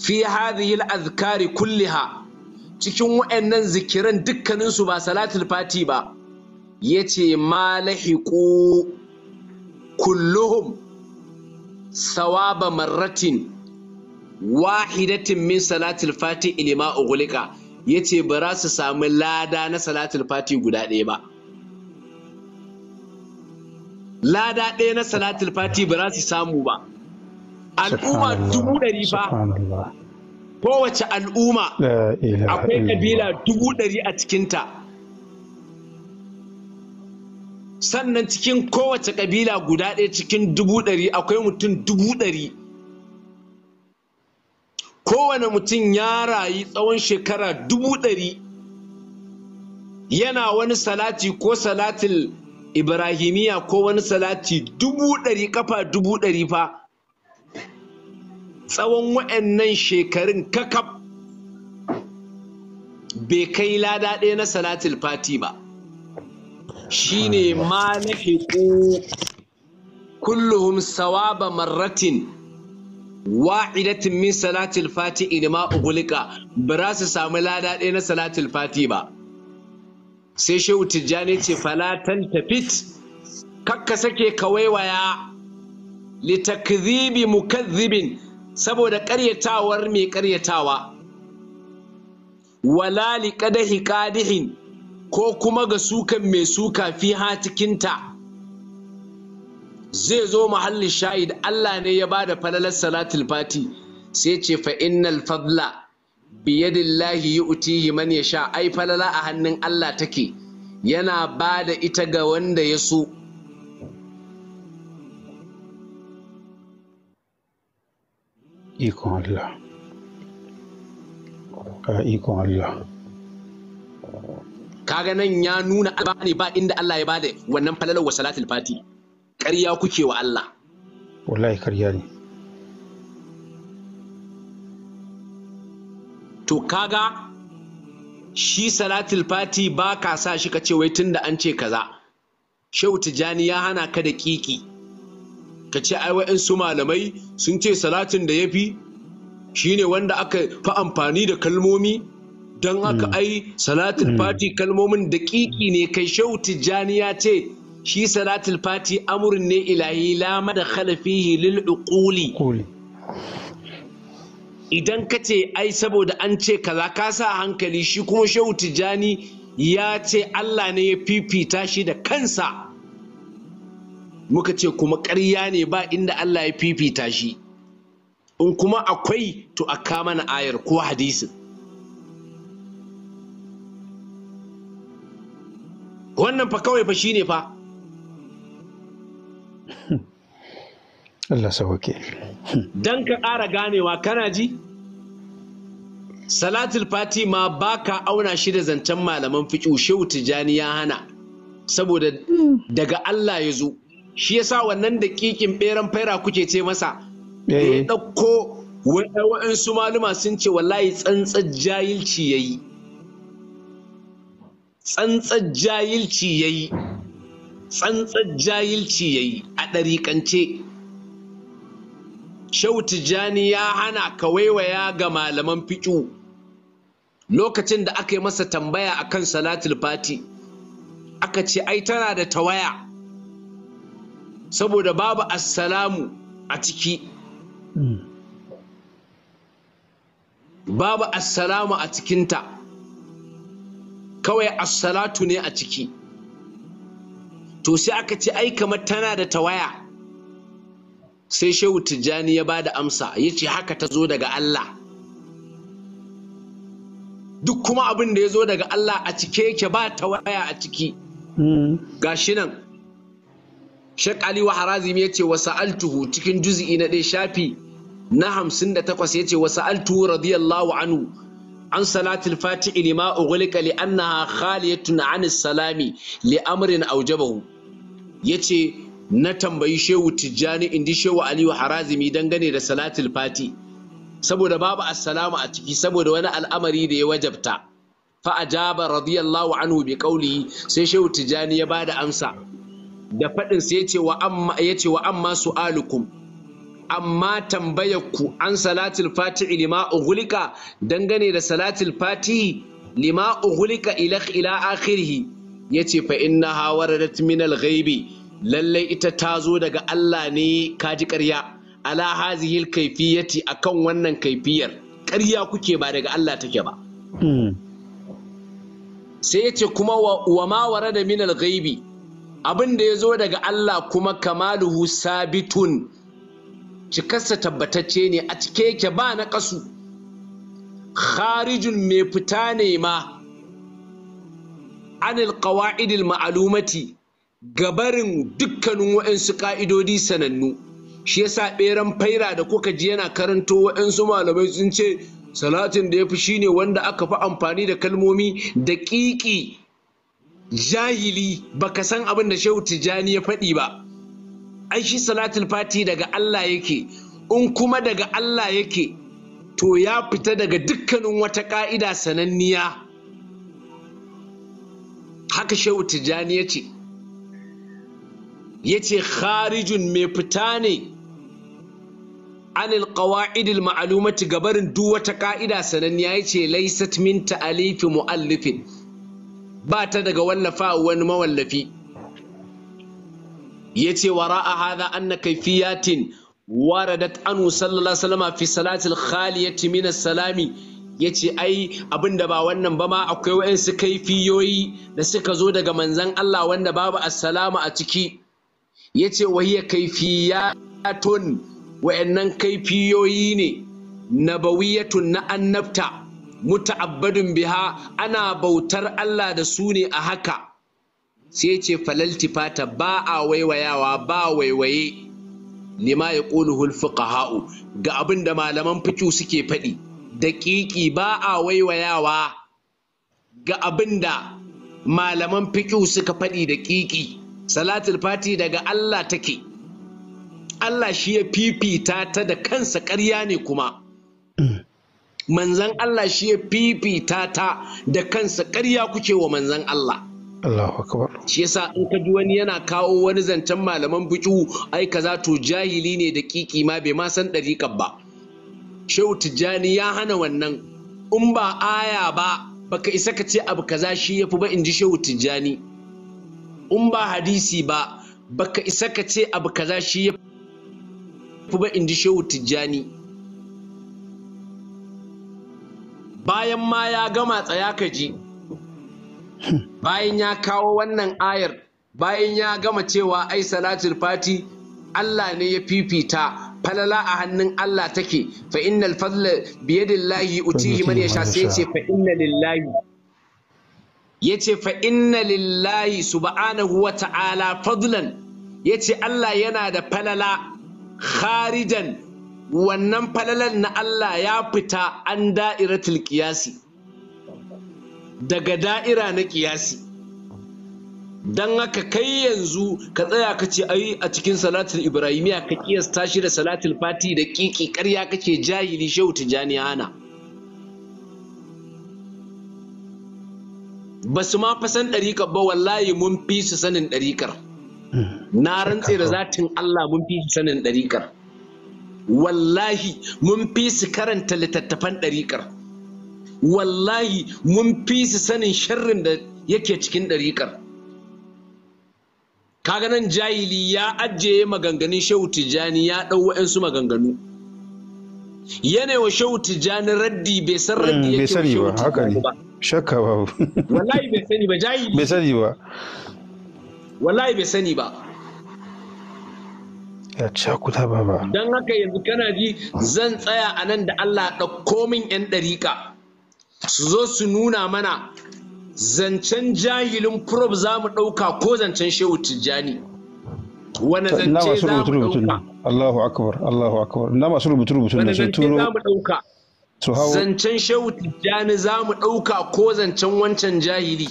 fi hadhihi al'azkari kulliha cikin wa'annan zikiran dukkaninsu ba salatul fati ba yace malahiqu kulluhum sawaba marratin wahidatin min salatul fati ilima ugulika yace ba za su samu lada na salatul fati guda ɗaya ba lada ɗaya na salatul fati ba za su samu ba al'umma dubu ɗari fa kowace al'umma akwai kabila dubu ɗari a cikinta sannan cikin kowace ƙabila guda ɗaya cikin dubu ɗari akwai mutum dubu ɗari kowane mutum ya rayu tsawon shekara dubu ɗari yana wani salati ko salatin ibrahimiya ko wani salati dubu ɗari kafa dubu ɗari fa tsawon wa'annan shekarun kakaf bai kai lada ɗaya na salatin fati ba shine ma lahiqu kulluhum sawaba marratin wa'idatin min salatil fati inma ugulika ba za su samu lada ɗaya na salatil fati ba sai shehu tijjani ce falatan tafit kakka sake kawaiwaya litakzibi mukazzibin saboda ƙaryatawar mai ƙaryatawa wala liqadahi qadihin ko kuma ga sukan mai suka fi cikinta zai zo mahallin sha'id Allah ne ya ba da falalar salatul fati sai ce fa innal fadla biyadillahi yu'tihi man yasha ai falala a hannun Allah take yana ba da ita ga wanda ya so ikon Allah ka ikon Allah kaga nan ya nuna albani ba inda Allah ya bada wannan falalar wa salatul fati ƙarya kuke wa Allah wallahi ƙarya ne to kaga shi salatul fati ba ka sa shi ka ce wai tunda an ce kaza shehu tijani ya hana ka da kiki ka ce ai su malamai sun ce salatin da ya fi shine wanda aka fi amfani da kalmomi don haka hmm. ai salatul hmm. fati kalmomin daƙiƙi ne kai shau tijjani ya ce shi salatul fati amurin ne ilahi lama da khalafihi lil uquli idan ka ce ai saboda an ce kaza ka sa hankali shi kuma shau tijjani ya ce Allah ne ya fifita shi da kansa muka ce kuma karya ne ba inda Allah ya fifita shi in kuma akwai to a kama na ayar ko hadisin wannan fa kawai fa ne fa Allah sauke dan ka ƙara ganewa kana ji salatul fati ma ka auna shi da zancen malaman fiƙi shehu Tijjani ya hana saboda daga Allah ya zo shi ya sa wannan da ƙiƙin ɓeran faira kuke ce masa eh, eh. ya ɗauko su maluma sun ce wallahi tsantsar jahilci yi. tsantsar jahilci yi. tsantsar jahilci yi a ɗariƙance Shehu Tijjani ya hana kawaiwaya ga malaman fiƙu lokacin da aka yi masa tambaya a kan salatul fati aka ce ai tana da tawaya saboda babu assalamu a ciki hmm. babu assalamu a cikinta kawai assalatu ne a ciki to sai aka ce ai kamar tana da tawaya sai shehu tijjani ya ba da amsa ya ce haka ta zo daga Allah duk kuma abin da ya zo daga Allah a cike yake ba tawaya a ciki hmm. gashi nan Sheikh Ali wa Harazimi ya ce wa sa'altuhu cikin juz'i na ɗaya shafi na hamsin da takwas ya ce wa sa'altuhu radiyallahu anhu an salatul fati'i lima ughliqa li annaha khaliyatun anis salami li amrin aujabahu yace na tambayi shehu tijjani indi shehu aliyu harazimi dangane da salatul fati saboda babu assalamu a ciki saboda wani al'amari da ya wajabta fa ajaba radiyallahu anhu bi qawlihi sai shehu tijjani ya bada amsa da fadin sai yace wa amma yace wa amma su'alukum amma tambayar ku an salatul fatihi lima ughlika dangane da salatul fatihi lima ughlika ila ila akhirih yace fa inna hawaradat min al-ghaibi lallai ita ta zo daga Allah ne kaji ƙarya ala hazihil kaifiyati akan wannan kaifiyar ƙarya kuke ba daga Allah take ba hmm. sai yace kuma wa ma warada min al-ghaibi abin ya zo daga Allah kuma kamaluhu sabitun cikarsa tabbatacce ne a cike yake ba na ƙasu kharijun mai fita ne ma anil qawa'idil ma'alumati gabarin dukkanin wa'ansu ƙa'idodi sanannu shi yasa beran faira da kuka ji yana karanto waɗansu malamai sun ce salatin da ya fi shine wanda aka fi amfani da kalmomi da ƙiƙi jahili baka san abin da shehu tijjani ya faɗi ba ai shi salatul fati daga Allah yake in kuma daga Allah yake to ya fita daga dukkanin wata ƙa'ida sananniya haka shehu tijjani ya ce ya ce kharijun mai fita ne anil qawa'idil ma'alumati gabarin duk wata ƙa'ida sananniya ya ce laisat min ta'alifi mu'allifin ba ta daga wallafa wani mawallafi yace wara'a hadha anna kaifiyatin waradat Anu, sallallahu alaihi fi salatil khaliyati min salami yace ai abinda ba wannan ba ma akwai wayansu kaifiyoyi da suka zo daga manzon Allah wanda babu assalamu a ciki yace wahiya kaifiyatun wayannan kaifiyoyi ne nabawiyatun na annabta muta'abbadun biha ana bautar Allah da su ne a haka sai ce fata ba a waiwayawa ba waiwaye lima ya ƙuluhul fuqaha'u ga abin da malaman fiki suke faɗi daƙiƙi ba a waiwayawa ga abin da malaman fiki suka faɗi daƙiƙi salatul fati daga Allah take Allah shi ya fifita ta da kansa ƙarya ne kuma manzan Allah shi ya fifita ta da kansa ƙarya kuke wa manzan Allah Allahu akbar shi yasa in ka ji wani yana kawo wani zancen malaman fiqh ai kaza to jahili ne da kiki ma bai ma san dariƙar ba Shehu Tijjani ya hana wannan in ba aya ba baka isa ka ce abu kaza shi yafi ba in ji Shehu Tijjani in ba hadisi ba baka isa ka ce abu kaza shi yafi ba in ji Shehu Tijjani bayan ma ya gama tsaya ka ji bayan ya kawo wannan ayar bayan ya gama cewa ai salatul fati Allah ne ya fifita falala a hannun Allah take fa innal fadla bi yadillahi utihi man yasha sai yace fa inna lillahi yace fa inna lillahi subhanahu wa ta'ala fadlan yace Allah yana da falala kharijan wannan falalan na Allah ya fita an da'iratul qiyasi daga da'ira na kiyasi don haka kai yanzu ka tsaya ka ce ai a cikin salatul ibrahimiya ka kiyasta shi da salatul fati da kiki karya kake jahili shehu tijjani hana ba su ma fasan ɗarikar ba wallahi mun fi su sanin ɗarikar na rantse da zatin allah mun fi su sanin ɗarikar wallahi mun fi su karanta littattafan ɗarikar wallahi mun fi su sanin sharrin da yake cikin ɗariƙar kaga nan jahili ya ajiye maganganun shehu tijjani ya ɗau wa'yansu maganganu yanayin shehu tijjani raddi bai san raddi mm, yake sani ba haka ne shakka ba [laughs] wallahi bai sani ba jahili bai sani ba wallahi bai sani ba ya kuta ba ba don haka yanzu kana ji zan tsaya a nan da Allah ɗauko min 'yan ɗariƙa su zo su nuna mana zancen jahilin prof za mu ɗauka ko zancen shehu tijjani wani zance za mu ɗauka zancen shehu tijjani za mu ɗauka ko zancen wancan jahili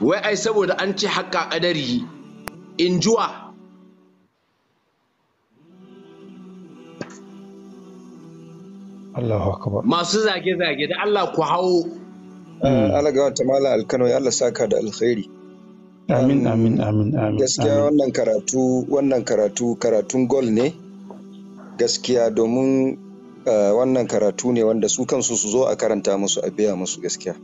wai ai saboda an ci haƙa ƙadari juwa masu zage-zage da Allah ku hawo ah, Allah ga wata mala alkano ya Allah saka da alkhairi amin ah, amin amin amin gaskiya wannan karatu wannan karatu karatun gol ne gaskiya domin ah, wannan karatu ne wanda su kansu su zo a karanta musu a biya musu gaskiya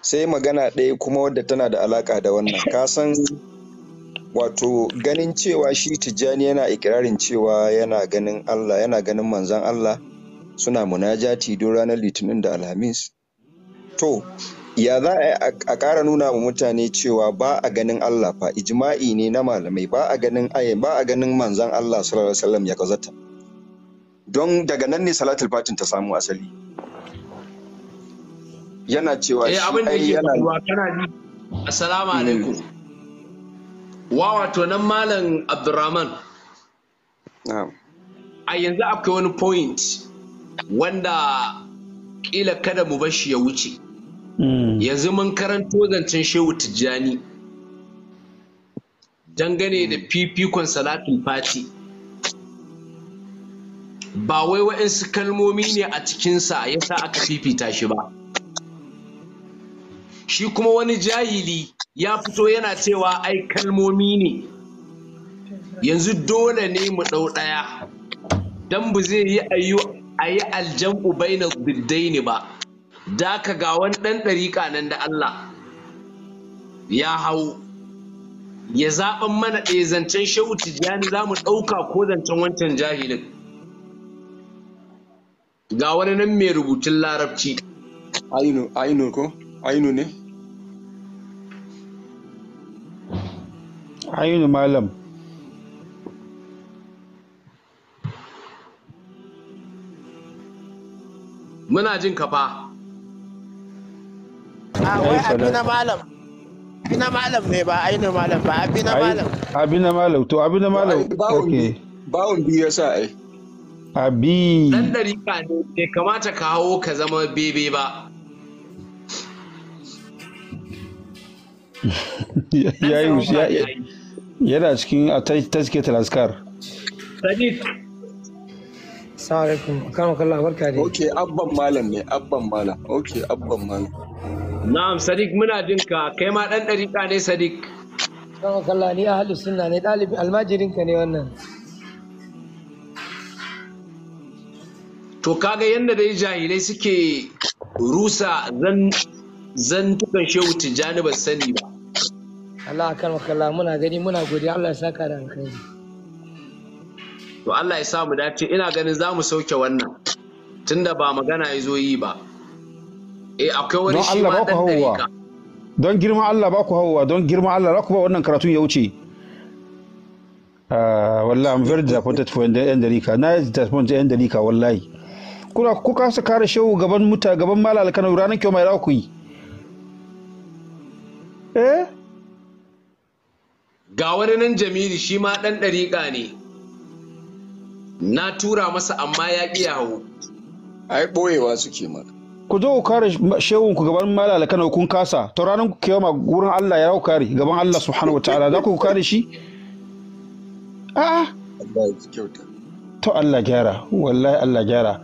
sai magana ɗaya kuma wadda tana da alaƙa da wannan kasan wato ganin cewa shi tijjani yana ikirarin cewa yana ganin allah yana ganin manzan allah suna munajati don ranar litinin da alhamis to ya za a ƙara nuna wa mutane cewa ba a ganin Allah fa ijma'i ne na malamai ba a ganin ayin ba a ganin manzon Allah sallallahu alaihi wasallam ya kazata don daga nan ne salatul fatin ta samu asali yana cewa eh, shi ai yana kana ji assalamu hmm. alaikum wa wato nan malam Abdurrahman a yanzu akwai wani point wanda ƙila kada mu bashi ya wuce mm. yanzu mun karanto zancen shehu tijjani dangane da fifikon salatin fati ba wai waɗansu kalmomi ne a cikinsa ya sa aka fifita shi ba shi kuma wani jahili ya fito yana cewa ai kalmomi ne yanzu dole ne mu ɗau ɗaya don bu zai yi ayyu a yi aljam'u baina biddaini ba da ka ga wani ɗan ɗariƙa nan da Allah ya hau ya zaban mana ɗaya eh, zancen shehu jani za mu ɗauka ko zancen wancan jahilin ga wani nan mai rubutun larabci ainu ainu ko ainu ne ainu malam muna jin ka fa a ah, wai abi na malam abi na malam ne ba aini malam ba abi na malam abi na malam to abi na malam okay bawon biyu yasa ai abi dan dariƙa ne bai kamata ka hawo ka zama bebe ba [laughs] ya yi yana cikin a taske talaskar sadiq Assalamu alaikum. Kama kallon barka ne. Ok, abban malam ne, abban malam. Ok, abban malam. Na'am, Sadiq muna jin ka. Kai ma dan dariƙa ne, Sadiq. Kama kalla ni a ahlus sunna ne, ɗalibi almajirin ka ne wannan. To kaga yadda dai jahilai suke rusa zan tukan shehu Tijjani ba sani ba. Allah kan makalla muna gani muna godiya Allah ya saka da hankali to Allah ya samu dace ina ganin za mu sauke wannan tunda ba magana ya zo yi ba eh akwai wani shi ma dan dariƙa don girma Allah ba ku hawa don girma Allah ba ku ba wannan karatun ya wuce ah, wallahi I'm very disappointed for yan dariƙa na yi disappointed yan dariƙa wallahi kuna ku kasa kare shehu gaban muta gaban mala alkano ranar kyau mai ku yi eh ga wani nan jamili shi ma dan dariƙa ne na tura masa amma ya ƙi ya hau ai ɓoyewa suke ma. ku zo ku kare shehun ku gaban malala kana kun kasa to ranar ku ma gurin Allah ya ku kare gaban Allah subhanahu wataala za ku kare shi a to Allah gyara wallahi Allah gyara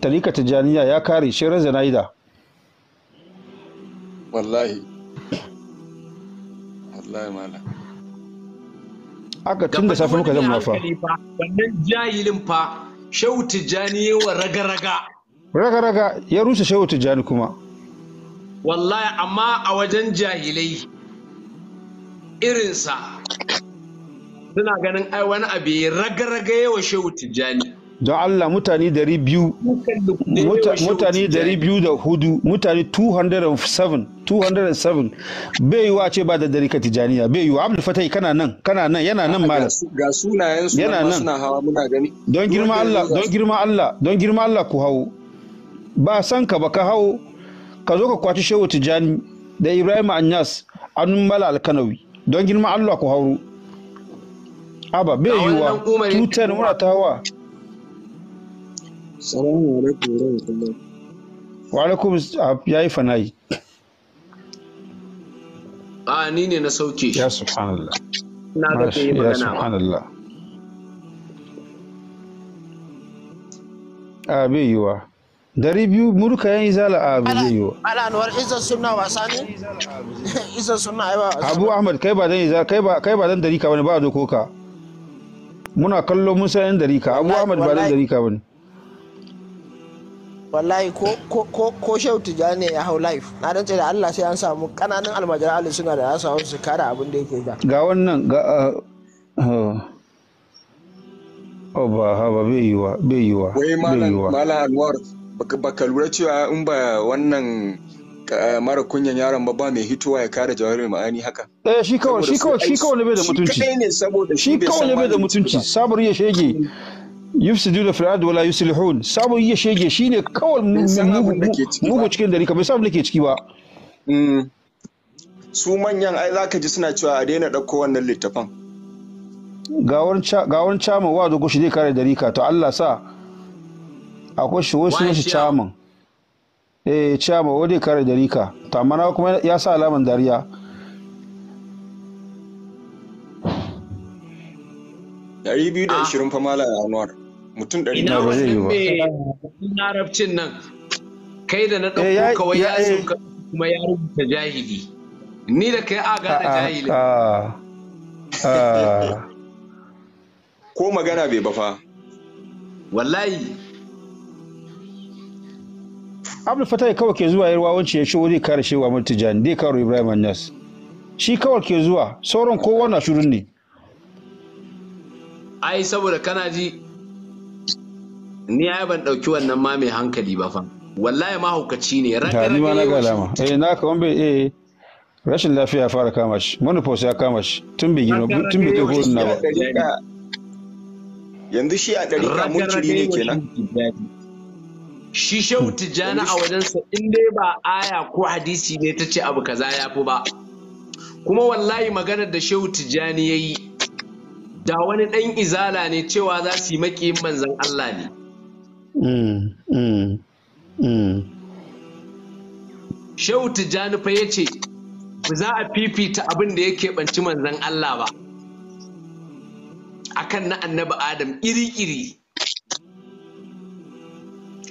tarika tijaniya ya kare shirin zanaida wallahi wallahi malam haka tun da safe muka zama fa wannan jahilin fa shehu tijjani yawa raga-raga raga-raga ya rusa shehu tijjani kuma wallahi amma a wajen jahilai irinsa suna ganin ai wani abu raga-raga yawa shehu tijjani don Allah mutane dari biyu mutane dari biyu da hudu mutane 207 207 bai yiwa ce ba da dari ka tijaniya bai yiwa abdul fatai kana nan kana nan yana nan malam ga sunayen yana nan hawa muna gani don girma Allah don girma Allah don girma Allah ku hawo ba san ka ba ka hawo ka zo ka kwaci shehu tijani da ibrahim anyas anun mala alkanawi don girma Allah ku hauro aba bai yiwa tutar muna ta hawa Salamu alaikum warahmatullahi. Wa alaikum yayi fanayi. A ni ne na sauke shi. Ya subhanallah. Na ga kai magana. Ya subhanallah. A bai yiwa. Dari biyu murka yan izala a bai zai yiwa. Ala anwar izar sunna wasa ne? Izar sunna aiwa. Abu Ahmad kai ba dan izala kai ba kai ba dan dari ka bane ba a dokoka. Muna kallo mun yan dari ka Abu Ahmad ba dan dari ka bane. wallahi ko ko ko ko shehu tijjani ya hau life na dace da Allah sai an samu kananan almajiran allah suna da nasu wasu su kare abin da yake da ga wannan ga ah, ah, oh ba ha ba bai yiwa bai yiwa wai malam malam anwar baka lura cewa in ba wannan ah, mara kunyan yaron ba ba mai hitowa ya kare jawarin ma'ani haka. Eh shi kawai shi kawai shi kawai ne bai da mutunci. Shi kawai ne bai da mutunci. Sabar ya shege. yufsidu fil ardi wala yuslihun samun iya shege shine kawai mugu cikin dari kamar samun nake ciki ba mm. su manyan ai zaka ji suna cewa a daina ɗauko wannan littafan gawar caman wa dogo shi zai kare dari ka to Allah sa akwai shi wasu shi caman eh caman wa zai kare dari ka to amma kuma ya sa alaman dariya Ɗari biyu da ashirin ah. fa malam Anwar. Mutum ɗari biyu. Ina ba zai yi ba. Larabcin nan kai da na eh, ɗauko kawai ya sauka eh. kuma ya rubuta jahili. Ni da kai a gane ah, ah, jahili. Ko magana bai bafa. fa. Wallahi. Abdul Fatai kawai ke zuwa yarwa wance ya shigo zai kare shi wa shewa Jan zai karo Ibrahim Anyas. Shi kawai ke zuwa sauran kowa na shirin ne. ai saboda kana ji ni ai ban ɗauki wannan ma mai hankali ba fa wallahi ma hukaci ne raka na alama eh na eh rashin lafiya ya fara kama shi manufos ya kama shi tun bai gina tun bai tafi gurin na ba yanzu shi a ɗari ka ciri ne kenan shi shehu tijjani a wajensa in dai ba aya ko hadisi ne ta ce abu kaza ya fi ba kuma wallahi maganar da shehu tijjani ya yi da wani ɗan izala ne cewa za su yi maƙiyin manzan Allah ne. Mm, mm, mm. Shehu Janufa ya ce, ba za a fifita abin da ya keɓanci manzan Allah ba, akan na annabi Adam iri-iri.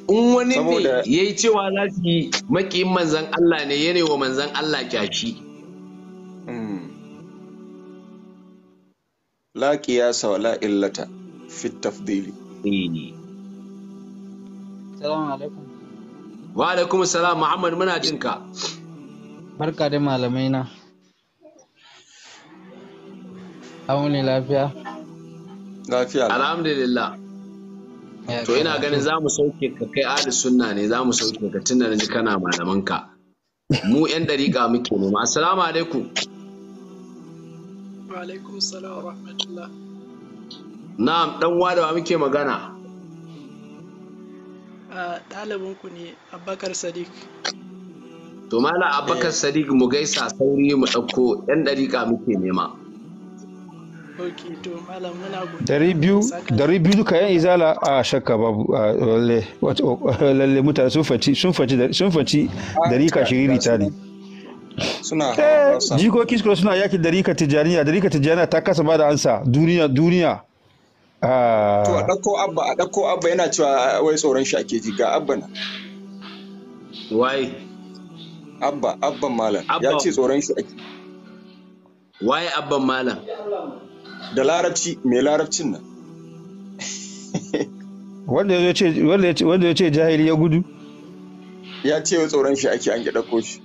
In wani ne ya yi cewa za su yi maƙiyin manzan Allah ne, ya wa manzan Allah kyashi. la qiyasa wa la'illata, illata fi tafdili Salamu alaikum. Wa alaikum salam Muhammad muna jinka. Barka da malamai na. Amuni lafiya. Lafiya. Alhamdulillah. To ina ganin za mu sauke ka kai Adi Suna ne za mu sauke ka tunanin na kana malamanka. Mu 'yan dariƙa muke nema. Assalamu alaikum. Wa alaikum salam wa rahmatullah. Na'am dan wadawa muke magana. Ah, ɗalibinku ne Abubakar Sadiq. To Malam Abubakar eh. Sadiq mu gaisa sauri mu ɗauko ɗan ɗariƙa muke nema. to muna Dari biyu dari biyu duka yan izala a shakka babu lalle lalle mutane sun faci sun faci sun faci ɗariƙa shiririta ne. suna eh, jikokin su suna yakin darika tijaniya darika tijaniya ta kasa ba da ansa duniya duniya ah. to a ɗauko abba a ɗauko abba yana cewa wai tsoron shi ake ji ga abba na wai abba abban malam ya ce tsoron shi ake Wai abban malam da larabci mai larabcin nan wanda ya ce jahili ya gudu ya ce tsoron shi ake an ɗauko shi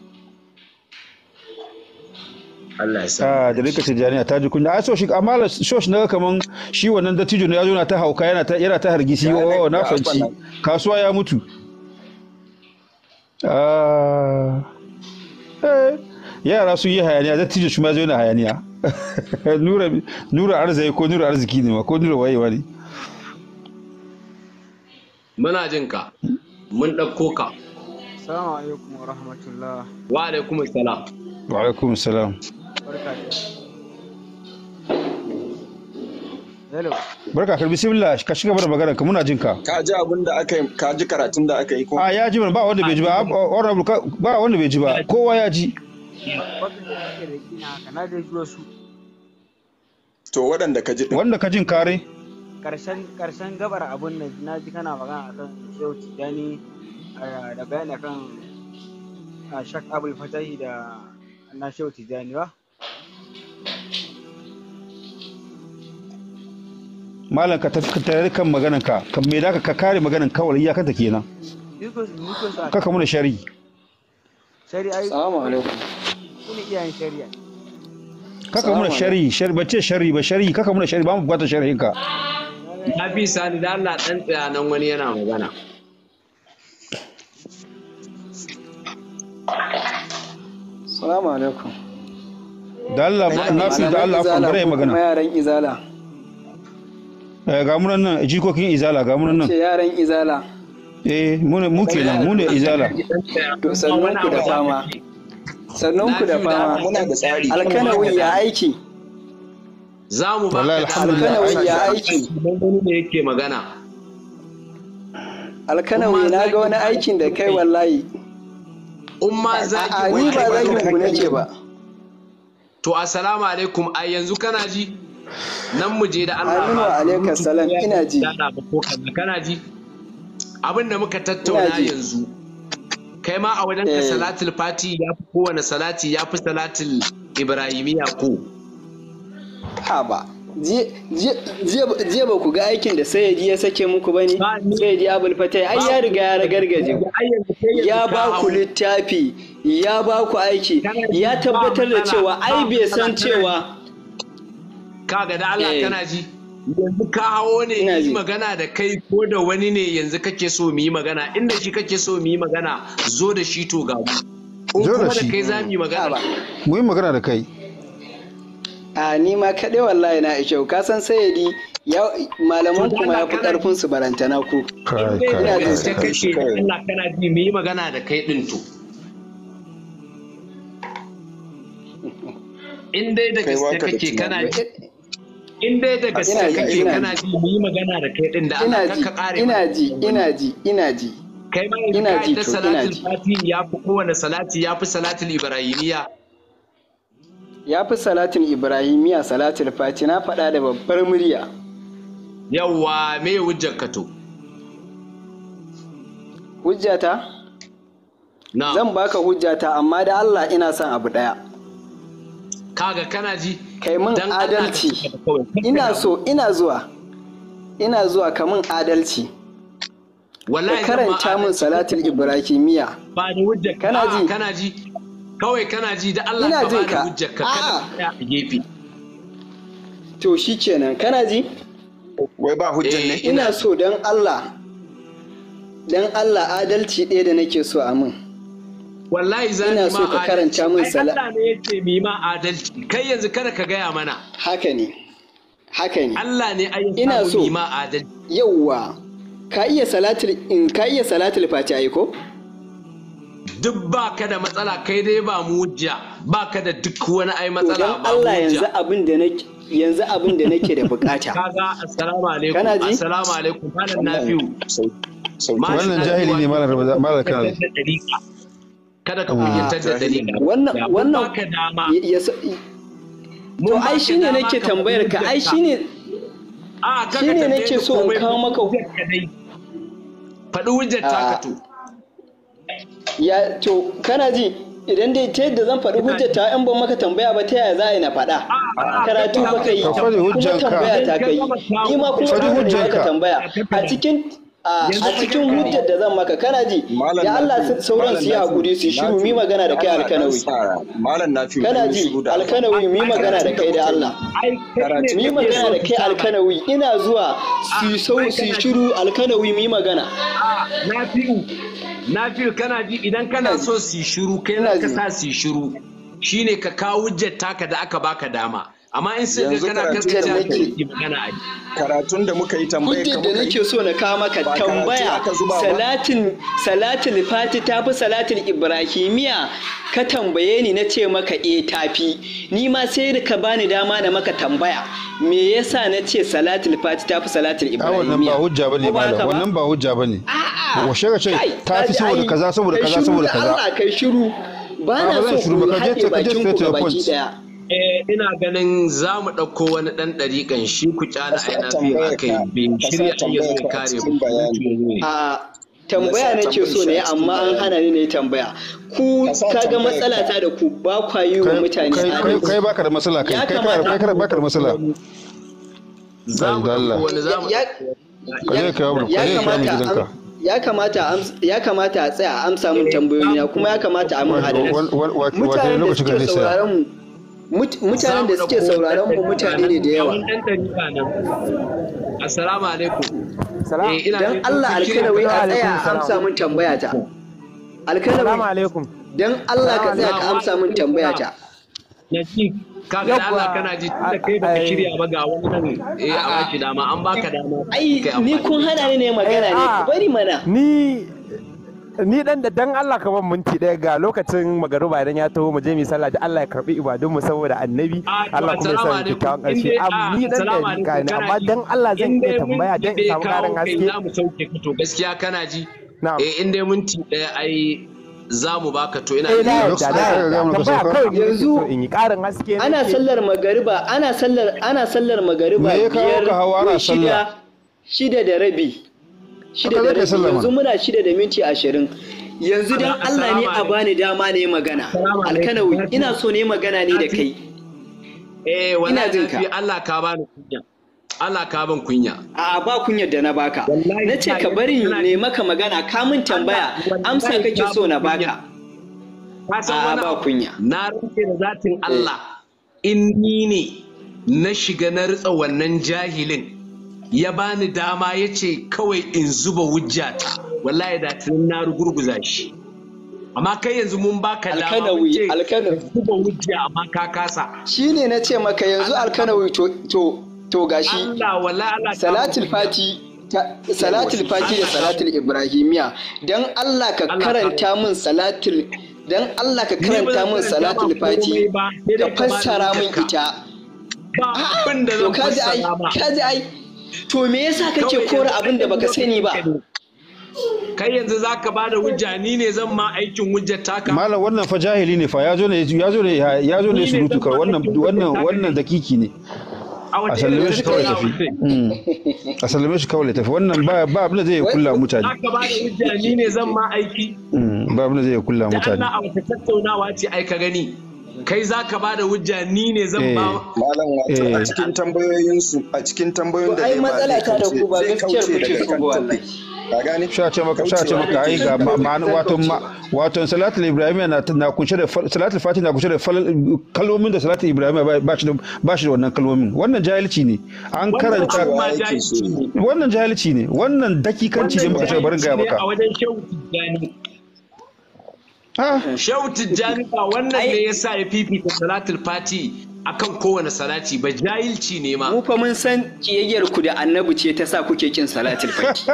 Allah ya sa ah, da rika tijaniya ta ji kunya a ah, so shi amma so shi naga kaman shi wannan dattijo ne ya zo na ta hauka yana ta yana ta hargisi o oh, na fanci kasuwa ya mutu ah, eh, yara sun yi hayaniya dattijo shi ma zo na hayaniya [laughs] nura nura arzai ko nura arziki ne ko nura wayewa ne muna jin ka mun dauko ka Assalamu alaikum wa rahmatullah. Wa alaikum salam. Wa alaikum salam. barka karbi sibila ka shiga bar magana ka muna jin ka ka ji abin da aka yi ka ji karatun da aka yi ko a ah, ya ji ba wanda bai ji ba ah, ba wanda bai ji ba kowa ya ji to waɗanda ka ji wanda ka jin kare karshen karshen gabar abun nan na ji kana magana akan Shehu Tijani ah, da bayani akan Shak Abul Fatahi da na Shehu Tijani ba malam ka tattare kan maganan ka kan me da ka kare ka kawai iyakan ta kenan kaka muna shari'i shari assalamu alaikum kuni iyayen shari'a kaka muna shari shari'i bace shari ba shari kaka muna shari ba mu bukatar shari'in ka na fi sani da Allah dan tsaya nan wani yana magana assalamu alaikum da Allah na fi da Allah kun bare magana yaran izala Eh, ga munan nan jikokin izala ga munan nan yaran izala eh mune mu nan mu izala to sannan ku da fama sannan ku da fama muna da tsari alkana ya aiki za mu ba alkana ya aiki ne yake magana wuya na ga wani aikin da kai wallahi umma za a ni ba zagin ku ba to assalamu alaikum ai yanzu kana ji nan mu je da Allah ba alaikum salam ina ji kana ji abin da muka tattauna yanzu kai ma a wajen eh. salatul fati ya fi kowane salati ya fi salatul ibrahimiya ko ha ba jiya ba ku ga aikin da sayyidi ya sake muku ba ne sayyidi abul fatai ai ya riga ya ragargaje ya ba ku littafi ya ba ku aiki ya tabbatar da cewa ai bai san cewa Ka ga da Allah eh. kana ji yanzu ka hawo ne yi magana da kai ko da wani ne yanzu kake so mu yi magana inda shi kake so mu yi magana zo da shi to ga mu zo da shi kai za mu yi magana ba. mu yi magana da kai a ni ma kade wallahi na ishe ka san sayadi malaman kuma ya fi karfin su barantana ku ina da kai kake Allah kana ji mu yi magana da kai din to in dai da gaske kake kana in dai da gaske kake kana ji mu yi magana da kai din da Allah ka kare ina ji ina ji ina ji kai ma ina ji da salatul fati ya fi kowane salati ya fi salatul ibrahimiya ya fi salatul ibrahimiya salatul fati na faɗa da babbar murya yawwa me hujjar ka to hujjata zan baka hujjata amma da Allah ina son abu daya kaga kana ji kai min adalci ina so ina zuwa ina zuwa ka min adalci wallahi karanta min salatul ibrahimiya ba ni hujjar kana ji kana ji kawai kana ji da Allah ka ba ni hujjar ka kana gefe to shikenan kana ji wai ba hujjar eh, ne ina so dan Allah dan Allah adalci ɗaya da nake so a mun wallahi za ina so ka karanta min sala Allah ne yake mi ma adalci kai yanzu kada ka gaya mana haka ne haka ne Allah ne ai ina so mi ma adalci yawa ka iya salatul in ka iya salatul fatiha ko duk ba ka da matsala kai dai ba mujiya ba ka da duk wani ai matsala ba Allah yanzu abin da nake yanzu abin da nake da bukata [laughs] kaga assalamu alaikum kana ji assalamu alaikum malam nafiu wannan jahili ne malam malam kana kada ka kunyantar ah, da dare wannan wannan ka dama to ai shine nake tambayar ka ai shine a shine nake so in kawo maka faɗi hujjar ah. taka to ya to kana ji idan dai ta yadda zan faɗi hujjar ta in ban maka tambaya ba ta yaya za a yi na faɗa ah, karatu ba ka yi kuma tambaya ta kai ni ma kuma ka tambaya a cikin Ah, a cikin hujjar da zan maka kana ji ya Allah sauran su yi hakuri su shiru mi magana da kai alkanawi kana ji alkanawi mi magana da kai da Allah mi magana da kai alkanawi ina zuwa ah, su sau su shiru alkanawi mi magana nafi'u ah, nafi'u kana ji idan kana so su shiru kai za ka sa su shiru shine ka kawo hujjar taka da aka baka dama amma in sai ga kana da ake karatun da muka yi tambaya kamar da nake so na kawo maka tambaya salatin salatin fati fi salatul ibrahimiya ka tambaye ni na ce maka eh tafi ni ma sai ka bani dama na maka tambaya me yasa na ce salatin fati fi salatul ibrahimiya wannan ba hujja bane malam wannan ba hujja bane washe ga ce fi saboda kaza saboda kaza saboda kaza kai shiru ba na so ka je bakin ku baki daya Eh, ina ganin za mu ɗauko wani ɗan ɗariƙan shi ku kyala a yana biyu a kai bin shirya an yanzu zai kare mu. Tambaya na ce so ne amma an hana ni ne tambaya. Ku ka ga matsala ta da ku ba kwa yi wa mutane adalci. Kai baka da matsala kai kai baka da matsala. Za mu ɗauko wani za mu ɗauko. ya kamata a tsaya a amsa mun tambayoyi kuma ya kamata a mun adalci. Mutane da suke sauraron mu mutanen da suke sauraron mu mutane ne da yawa assalamu alaikum eh, dan Allah alkana wai a tsaya amsa mun tambaya ta Alkana alaikum. dan Allah ka tsaya ka amsa mun tambaya ta kaga da Allah kana ji tunda kai baka shirya ba ga wannan eh a waki dama an baka dama ai ni kun hana ni ne magana ne bari mana ni ni dan da dan Allah ka ban minti daya ga lokacin magaruba idan ya taho mu je mu sallah da Allah ya karbi ibadun mu saboda annabi ah, Allah kuma ya sa ki kawo karshe amma ni ah, dan da ka ni amma dan Allah zan iya tambaya dan in samu karin haske za mu sauke to gaskiya kana ji eh in dai minti daya ai za mu baka to ina eh, da yanzu in yi karin haske ana sallar magariba ana sallar ana sallar magariba biyar shida shida da rabi shida da rabi yanzu muna shida da minti ashirin yanzu dan Allah ne a bani dama ne magana alkanawi ina so ne magana ne da kai eh ina jin ka Allah ka bani kunya Allah ka ban kunya a ba kunyar da na baka nace ka bari ne maka magana ka mun tambaya amsa kake so na baka a ba kunya na rike da zatin eh. Allah in ni ne na shiga na ritsa wannan jahilin ya bani dama ya ce kawai in zuba wujjata, wallahi da tunan na rugurguza shi amma kai yanzu mun baka alkanawi alkanawi zuba wujja amma ka kasa shine na ce maka yanzu alkanawi to to to gashi Allah Allah salatul fati salatul fati da salatul ibrahimiya dan Allah ka karanta min salatul dan Allah ka karanta min salatul fati da fassara min ita ba abin da zan fassara ma ai ai to me yasa kake kora abin da baka sani ba kai yanzu za ka ba da hujja ni ne zan ma aikin hujjar taka malam wannan fa jahili ne fa ya zo ne ya zo ne ya zo ne surutu kar wannan wannan wannan dakiki ne hmm. a sallame shi kawai tafi a sallame shi kawai tafi wannan ba ba abin da zai kulla mutane za ka ba da hujja ni ne zan ma aiki hmm. ba abin da zai kulla mutane da Allah a wata tattaunawa ce ai ka gani kai za ka bada hujja ni ne zan ba eh. malam wato a eh. cikin tambayoyin su a cikin tambayoyin da ai matsala ta da ku ba gaskiyar ku ce ku wallahi ka sha ce maka sha ce maka ai ga ma'ana wato wato salatul ibrahim na na kunshe da salatul fatih na kunshe da kalmomin da salatul ibrahim ba shi ba shi da wannan kalmomin wannan jahilci ne an karanta wannan jahilci ne wannan dakikanci ne muka ce barin ga baka a wajen shehu tijani Shehu Tijjani ba wannan ne yasa ya fifita salatul fati akan kowane salati ba jahilci ne ma. Mufa mun san kiyayyar ku da annabi ce ta sa kuke kin salatul fati. [laughs]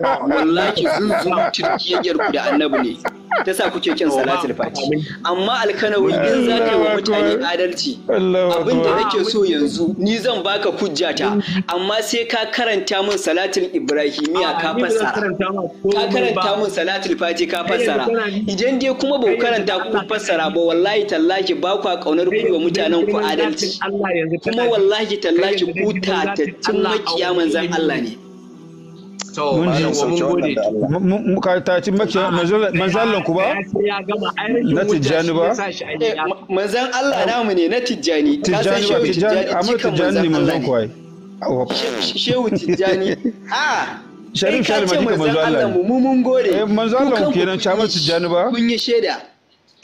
Wallahi zuwa kiyayyar ku da annabi ne. ta sa kuke kin salatul fati amma alkanawi in za ka yi wa mutane adalci abin da nake so yanzu ni zan baka hujjata amma sai ka karanta min salatul ibrahimiya ka fassara ka karanta min salatul fati ka fassara idan dai kuma ba ku karanta ku fassara ba wallahi tallahi ba ku kaunar ku wa mutanen ku adalci kuma wallahi tallahi ku tatattun makiya manzan Allah ne So, mun gode. Ta ci mazallan ku ba? Na tijjani ba? Eh, manzan Allah namu ne na tijjani. Tijjani ba, tijjani, amma tijjani ne manzan ku ai. Shehu tijjani. A. [laughs] Ah, Sharif eh, Sharif ma manzo Allah. Mu mun gode. Eh, manzo Allah kenan, Shamar tijjani ba? Kun yi shaida.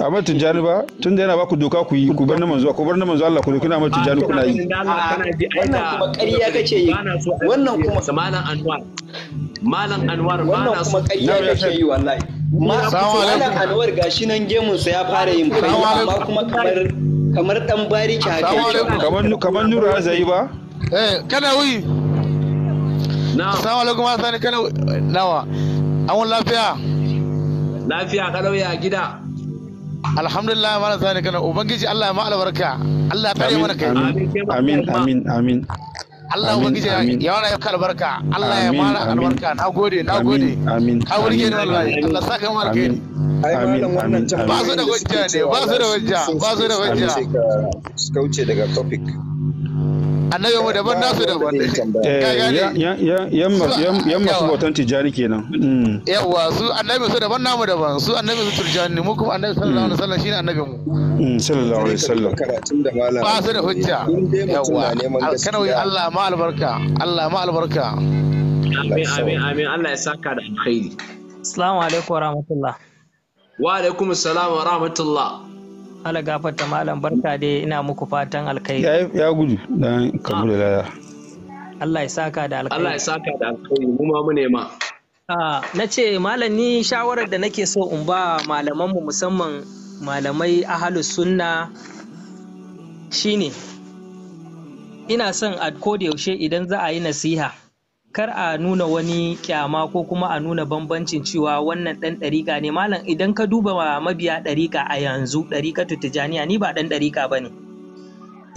amma Tijjani ba tun da yana ba ku doka ku yi ku bar naman zuwa ku bar naman zuwa Allah ku doki na Ahmad Tijjani kuna yi wannan kuma ƙarya kace yi wannan kuma malam Anwar malam Anwar ba na so ƙarya kace yi wallahi malam Anwar gashi nan gemun sa ya fara yin fai amma kuma kamar kamar dan bariki haka kamar kamar nura zai ba eh kana wi na'am assalamu alaikum asani kana nawa an lafiya lafiya kalau ya gida alhamdulillah mana sani kana ubangiji Allah ya ma albarka Allah ya kare mana kai amin amin amin Allah ubangiji ya wara yaka albarka Allah ya mara albarka na gode na gode ka wurge ni wallahi Allah saka mara kai amin ba su da hujja ne ba su da hujja ba su da hujja kauce daga topic annabi mu daban nasu daban yan eh, masu bautan tijani kenan mm. yawa su annabi su daban namu daban su annabi su turjani mu kuma annabi sallallahu alaihi mm. wasallam shine annabi mu mm, sallallahu alaihi wasallam karatun da malam ba su da hujja yawa kana wai Allah ma albarka Allah ma albarka amin amin amin Allah ya saka da alkhairi assalamu alaikum wa rahmatullah wa alaikum assalam wa rahmatullah ala gafarta malam barka dai ina muku fatan alkhairi ya gudu dan kamu da laya Allah ya saka da alkhairi Allah ya saka da alkhairi mu ma mu nema na ce malam ni shawarar da nake so in ba malaman mu musamman malamai ahalus sunna shine ina son a koda yaushe idan za a yi nasiha kar a nuna wani kyama ko kuma a nuna bambancin cewa wannan ɗan ɗarika ne malam idan ka duba mabiya ɗarika a yanzu dariƙa tijaniya ni ba ɗan ɗarika ba ne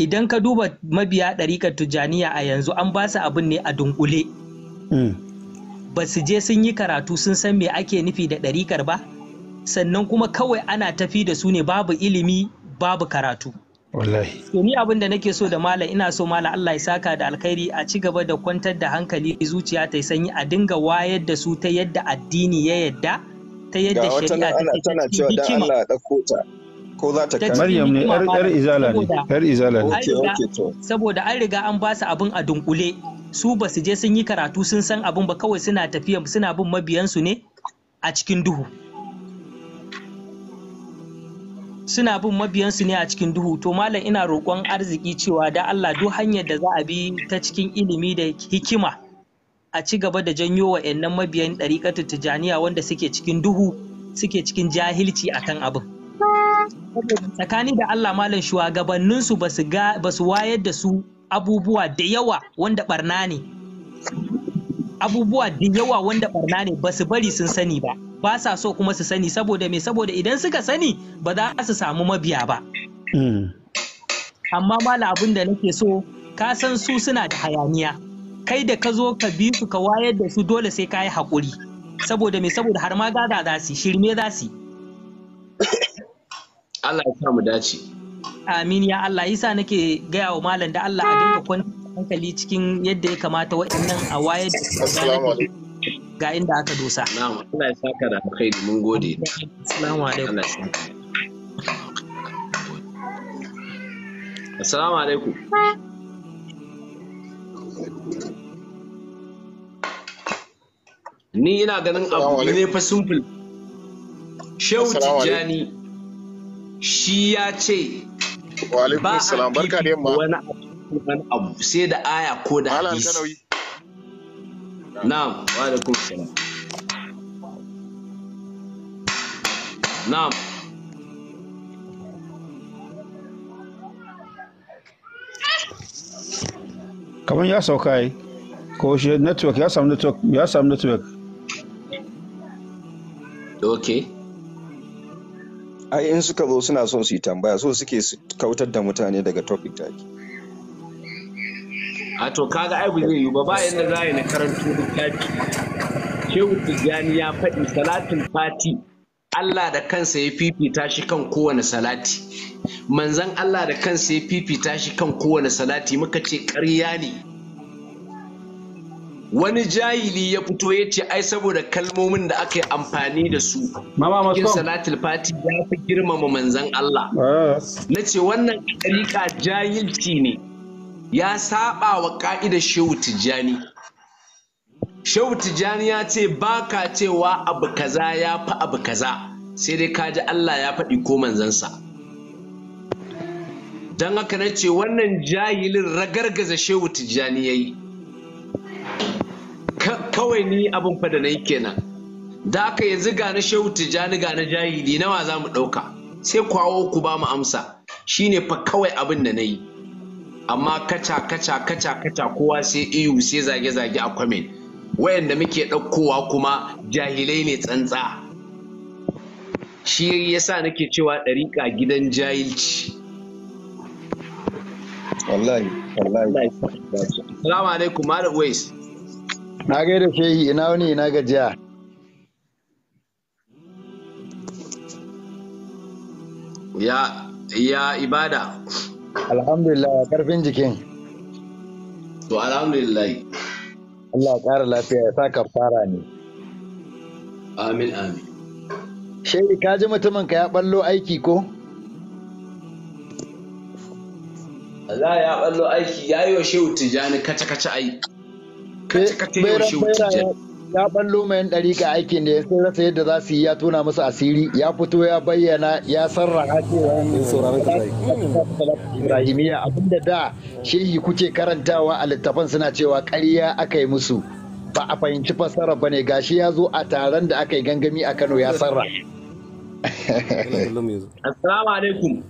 idan ka duba mabiya ɗarikar tijaniya a yanzu an ba su abin ne a dunkule hmm. ba su je sun yi karatu sun san me ake nufi da ɗarikar ba sannan kuma kawai ana tafi da su ne babu ilimi babu karatu wallahi ni abin da nake so da malam ina so malam Allah ya saka da alkhairi a ci gaba da kwantar da hankali zuciya ta sanyi a dinga wayar da su ta yadda addini ya yadda ta yadda shari'a ta tana ta ko za ta ne yar izala ne yar izala ne saboda an riga an basu abin a dunkule su ba su je sun yi karatu sun san abin ba kawai suna tafiya suna bin mabiyansu ne a cikin duhu suna bin mabiyansu ne a cikin duhu to malam ina roƙon arziki cewa da Allah duk hanyar da za a bi ta cikin ilimi da hikima a ci gaba da janyo wa 'yannan mabiyan ɗariƙatar tijaniya wanda suke cikin duhu suke cikin jahilci akan abin tsakani da Allah malam shugabanninsu ba su wayar da su abubuwa da yawa wanda barna ne abubuwa da yawa wanda barna ne ba su bari sun sani ba ba sa so kuma su sani saboda me saboda idan suka sani ba za su samu mabiya ba hmm. amma mala abin da nake so ka san su suna da hayaniya kai da ka zo ka bi su ka wayar da su dole sai ka yi haƙuri saboda me saboda har ma gada za su shirme za su Allah ya sa mu dace amin ya Allah yasa nake gaya wa malam da Allah a dinga kwanta hankali cikin yadda ya kamata nan a wayar da su ga inda aka dosa assalamu alaikum ni ina ganin abu ne fa simple shehu tijjani shi ya ce ba a wani abu sai da aya ko da hadisi na'am wa alaikum assalam kamar ya sauka yi ko shi network ya samu network ya samu network okay ai in suka zo suna son su yi tambaya so suke kautar da mutane daga topic take a to kaga ai zai yi ba bayan da yi na karanto littafi shehu tijjani ya faɗi salatin fati Allah da kansa ya fifita shi kan kowane salati manzan Allah da kansa ya fifita shi kan kowane salati muka ce ƙarya ne wani jahili ya fito ya ce ai saboda kalmomin da aka yi amfani da su cikin salatul fati ya fi girmama manzan Allah ah. na ce wannan ƙarika jahilci ne ya saba wa ka'idar shehu tijjani shehu tijjani ya ce ba ka cewa abu kaza ya fi abu kaza sai dai ka ji allah ya faɗi ko manzansa don haka na ce wannan jahilin ragargaza shehu tijjani ya yi kawai ni abin fa da na yi kenan da aka yanzu na shehu tijjani ga na jahili nawa za mu ɗauka sai kwawo ku ba mu amsa shine fa kawai abin da na yi amma kaca kaca kaca kaca kowa sai iyu sai zage zage a kwamen wayanda muke ɗaukowa kuma jahilai ne tsantsa shi yasa nake cewa ɗariƙa gidan jahilci wallahi wallahi salamu alaikum da ways na gaida shehi ina wani ina gajiya ya ya ibada Alhamdulillah karfin jikin. To alhamdulillah. Allah ƙara lafiya ya sa ka fara ne. Amin amin. Shehi ka ji mutumin ka ya ballo aiki ko? Allah ya ballo aiki ya yi wa shehu tijani kace-kace ai. Kace-kace yi wa shehu tijani. ya ballo mai ɗariƙa aikin da ya sai rasa yadda za su yi ya tona musu asiri ya fito ya bayyana ya sarraha cewa Ibrahimiyya abinda da shehi kuke karantawa a littafan suna cewa ƙarya aka yi musu ba a fahimci fassara ba ne gashi ya zo a taron da aka yi gangami a Kano ya sarra. [laughs] Assalamu alaikum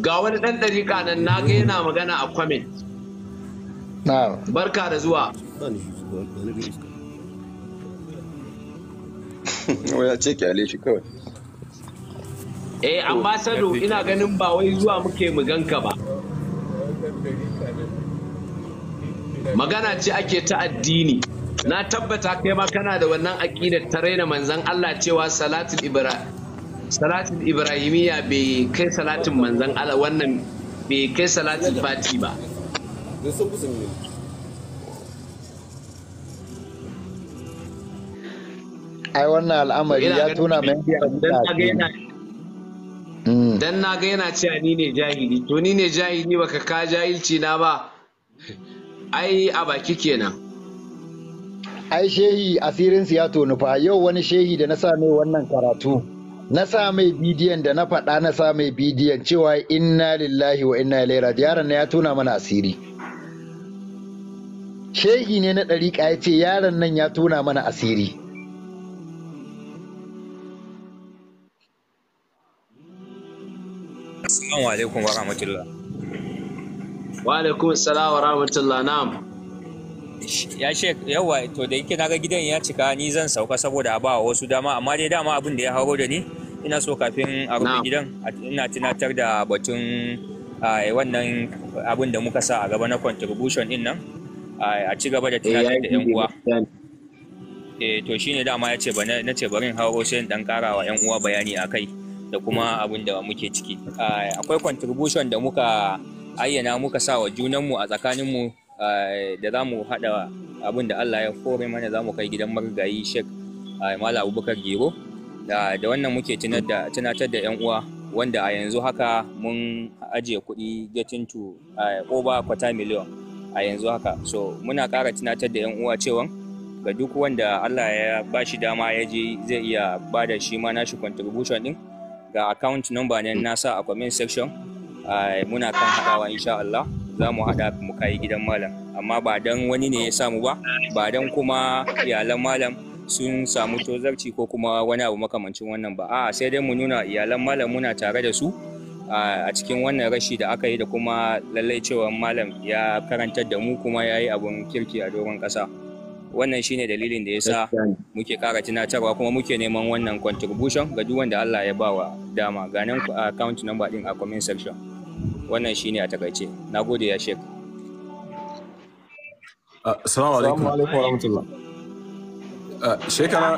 ga wani ɗan ɗarika nan na ga yana magana a kwamin. Barka da zuwa. [laughs] ya ce kyale shi kawai eh amma sado ina ganin ba wai zuwa muke mu ganka ba magana ce ake ta addini na tabbata kai ma kana da wannan aƙidar ta raina manzon Allah cewa salatul ibra salatul ibrahimiyya bai kai salatin manzon Allah wannan bai kai salatul fati ba ai wannan al'amari ya tuna mai yana hmm. dan na ga yana cewa ni ne jahili to ni ne jahili baka ka jahilci na ba ai a baki kenan ai shehi asirin ya tonu fa yau wani shehi da na sa mai wannan karatu na sa mai bidiyon da na faɗa na sa mai bidiyon cewa inna lillahi wa inna ilaihi raji'un yaron na ya tuna mana asiri shehi ne na ɗariƙa ya ce yaron nan ya tuna mana asiri Assalamu alaikum wa rahmatullah. Wa alaikum assalam wa rahmatullah na'am. Ya shek yawa to da yake naga gidan ya cika ni zan sauka saboda a ba wasu dama amma dai dama abin da ya hauro da ni ina so kafin a rufe gidan ina tunatar da batun wannan abin da muka sa a gaba na contribution din nan a ci gaba da eh, tunatar da yan uwa. Eh to shine dama ya ce ba na ce barin hawo sai in dan karawa yan uwa bayani akai. kai. da kuma abin da muke ciki akwai contribution da muka ayyana muka sa wa junanmu a tsakaninmu da za mu haɗa abin da Allah ya kore mana za mu kai gidan marigayi shek. Mala Abubakar Gero da wannan muke tunatar da 'yan uwa wanda a yanzu haka mun ajiye kuɗi getting to over quarter million a yanzu haka so muna ƙara tunatar da 'yan uwa cewa ga duk wanda Allah ya bashi dama ya je zai iya ba da shi ma nashi contribution ɗin ga account number ne na sa a comment section muna kan haɗawa insha Allah za mu haɗa mu kai gidan malam amma ba dan wani ne ya samu ba ba dan kuma iyalan malam sun samu tozarci ko kuma wani abu makamancin wannan ba a sai dai mu nuna iyalan malam muna tare da su a cikin wannan rashi da aka yi da kuma lallai cewa malam ya karantar da mu kuma ya yi abun kirki a doron ƙasa. wannan shine dalilin da yasa muke kara tunatarwa kuma muke neman wannan contribution ga duk wanda Allah ya bawa dama ga nan account number din a comment section wannan shine a takaice nagode ya shek ah, assalamu alaikum alaikum warahmatullah ah, shekara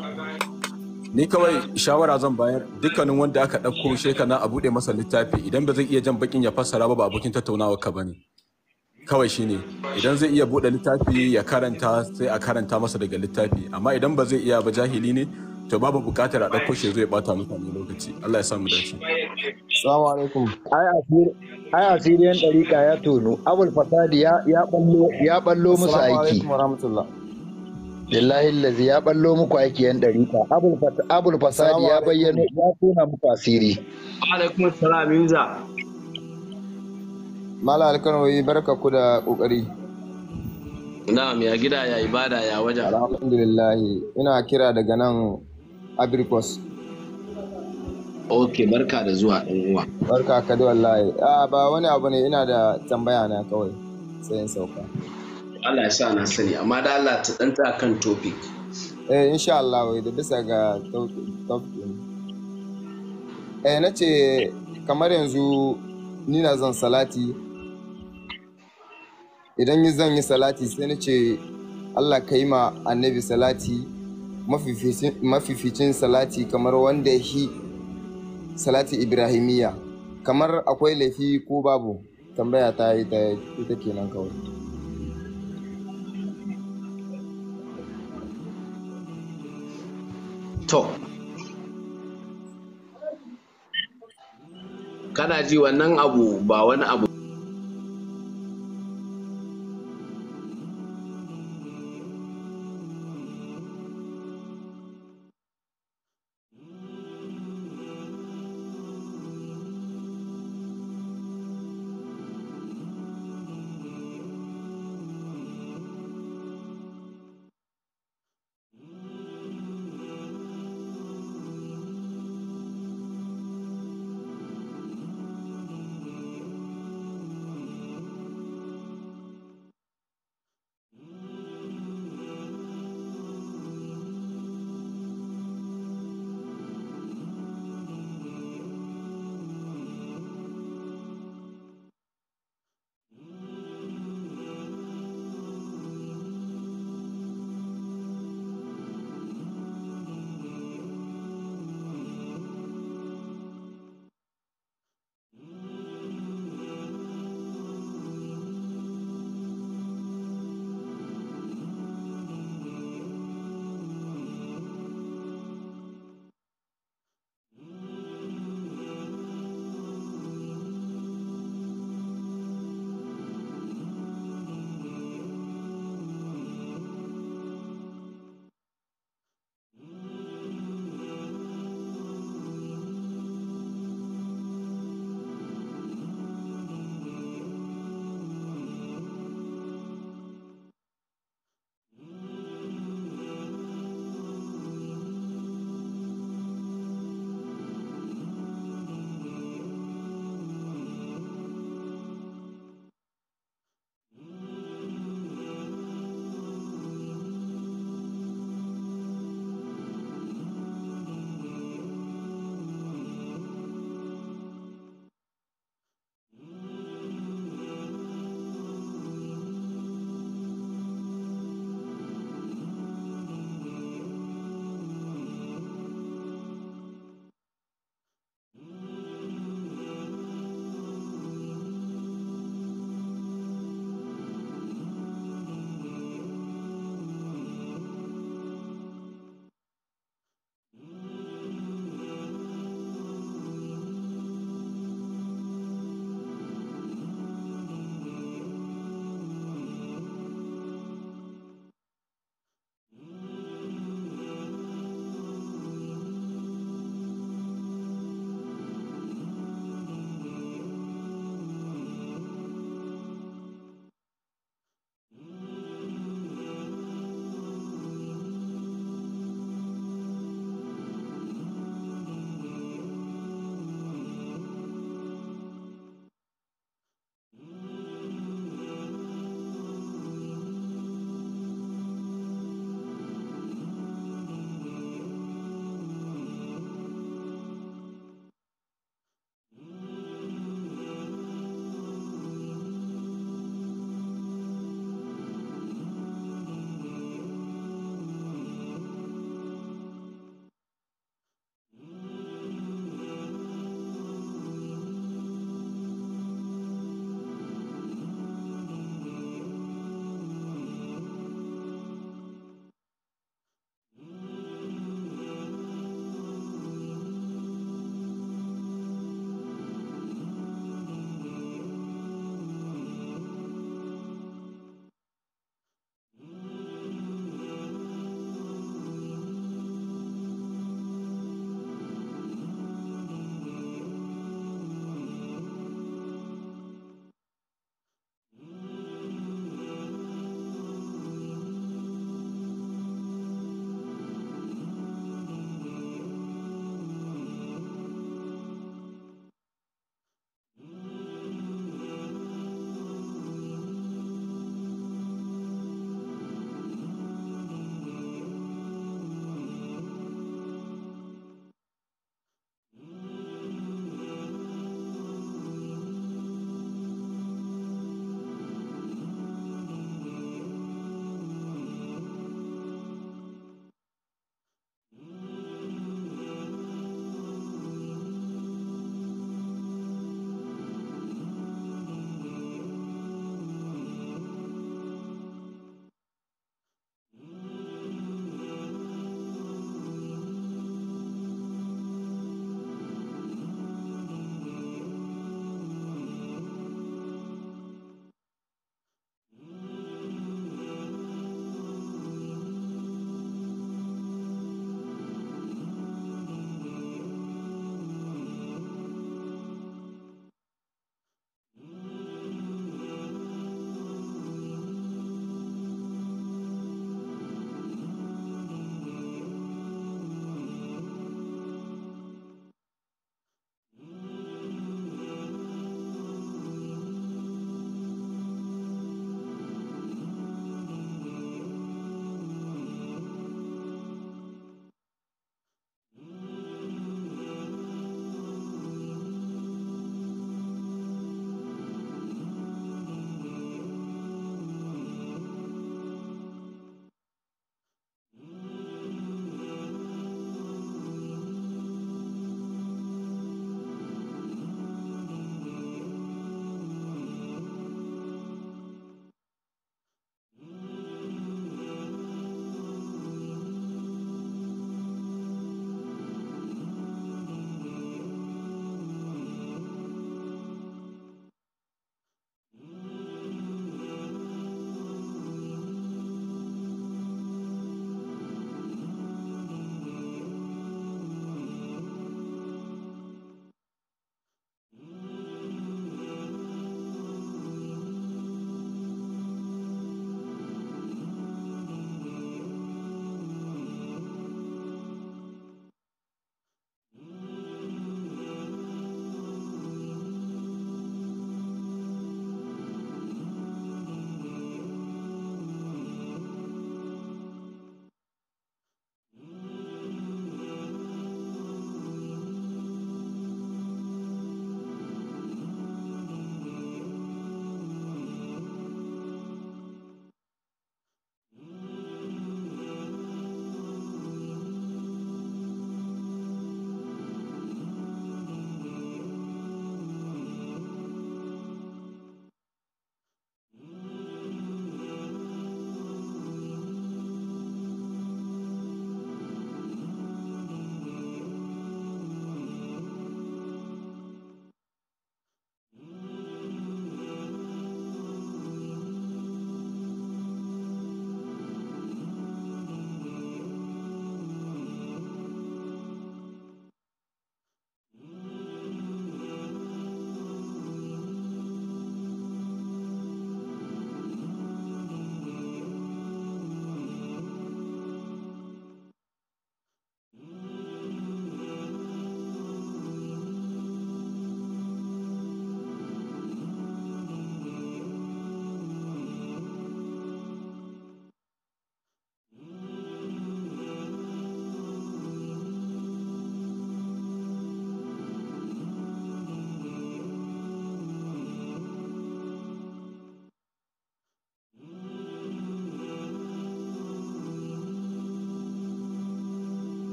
ni kawai shawara zan bayar dukkanin wanda aka ɗauko shekana a buɗe masa littafi idan ba zai iya jan bakin ya fassara ba ba abokin tattaunawa ka bane kawai shi ne, idan zai iya buɗe littafi ya karanta sai a karanta masa daga littafi amma idan ba zai iya ba jahili ne to babu buƙatar a ɗauko shi zai bata mutane lokaci Allah ya sa mu dace Assalamu alaikum ai asiriyan ɗariƙa ya tono abul fasadi ya ya ballo ya ballo musu aiki lillahi lazi ya ballo muku aiki yan ɗariƙa abul fasadi ya bayyana ya tona muku asiri alaikum salam yuza Malam Alkanoyi barka ku da kokari. Na'am ya gida ya ibada ya waje. Alhamdulillah ina kira daga nan Abrikos. Ok barka da zuwa ɗan uwa. Barka ka da wallahi. A ba wani abu ne ina da tambaya na kawai sai in sauka. Allah ya sa na sani amma da Allah ta a kan topic. Eh insha Allah da bisa ga topic. eh na ce kamar yanzu ni na zan salati idan zan yi salati sai na ce Allah ka yi ma annabi salati mafificin salati kamar wanda ya shi salati ibrahimiyya kamar akwai laifi ko babu tambaya ta ita kenan kawai to kana ji wannan abu ba wani abu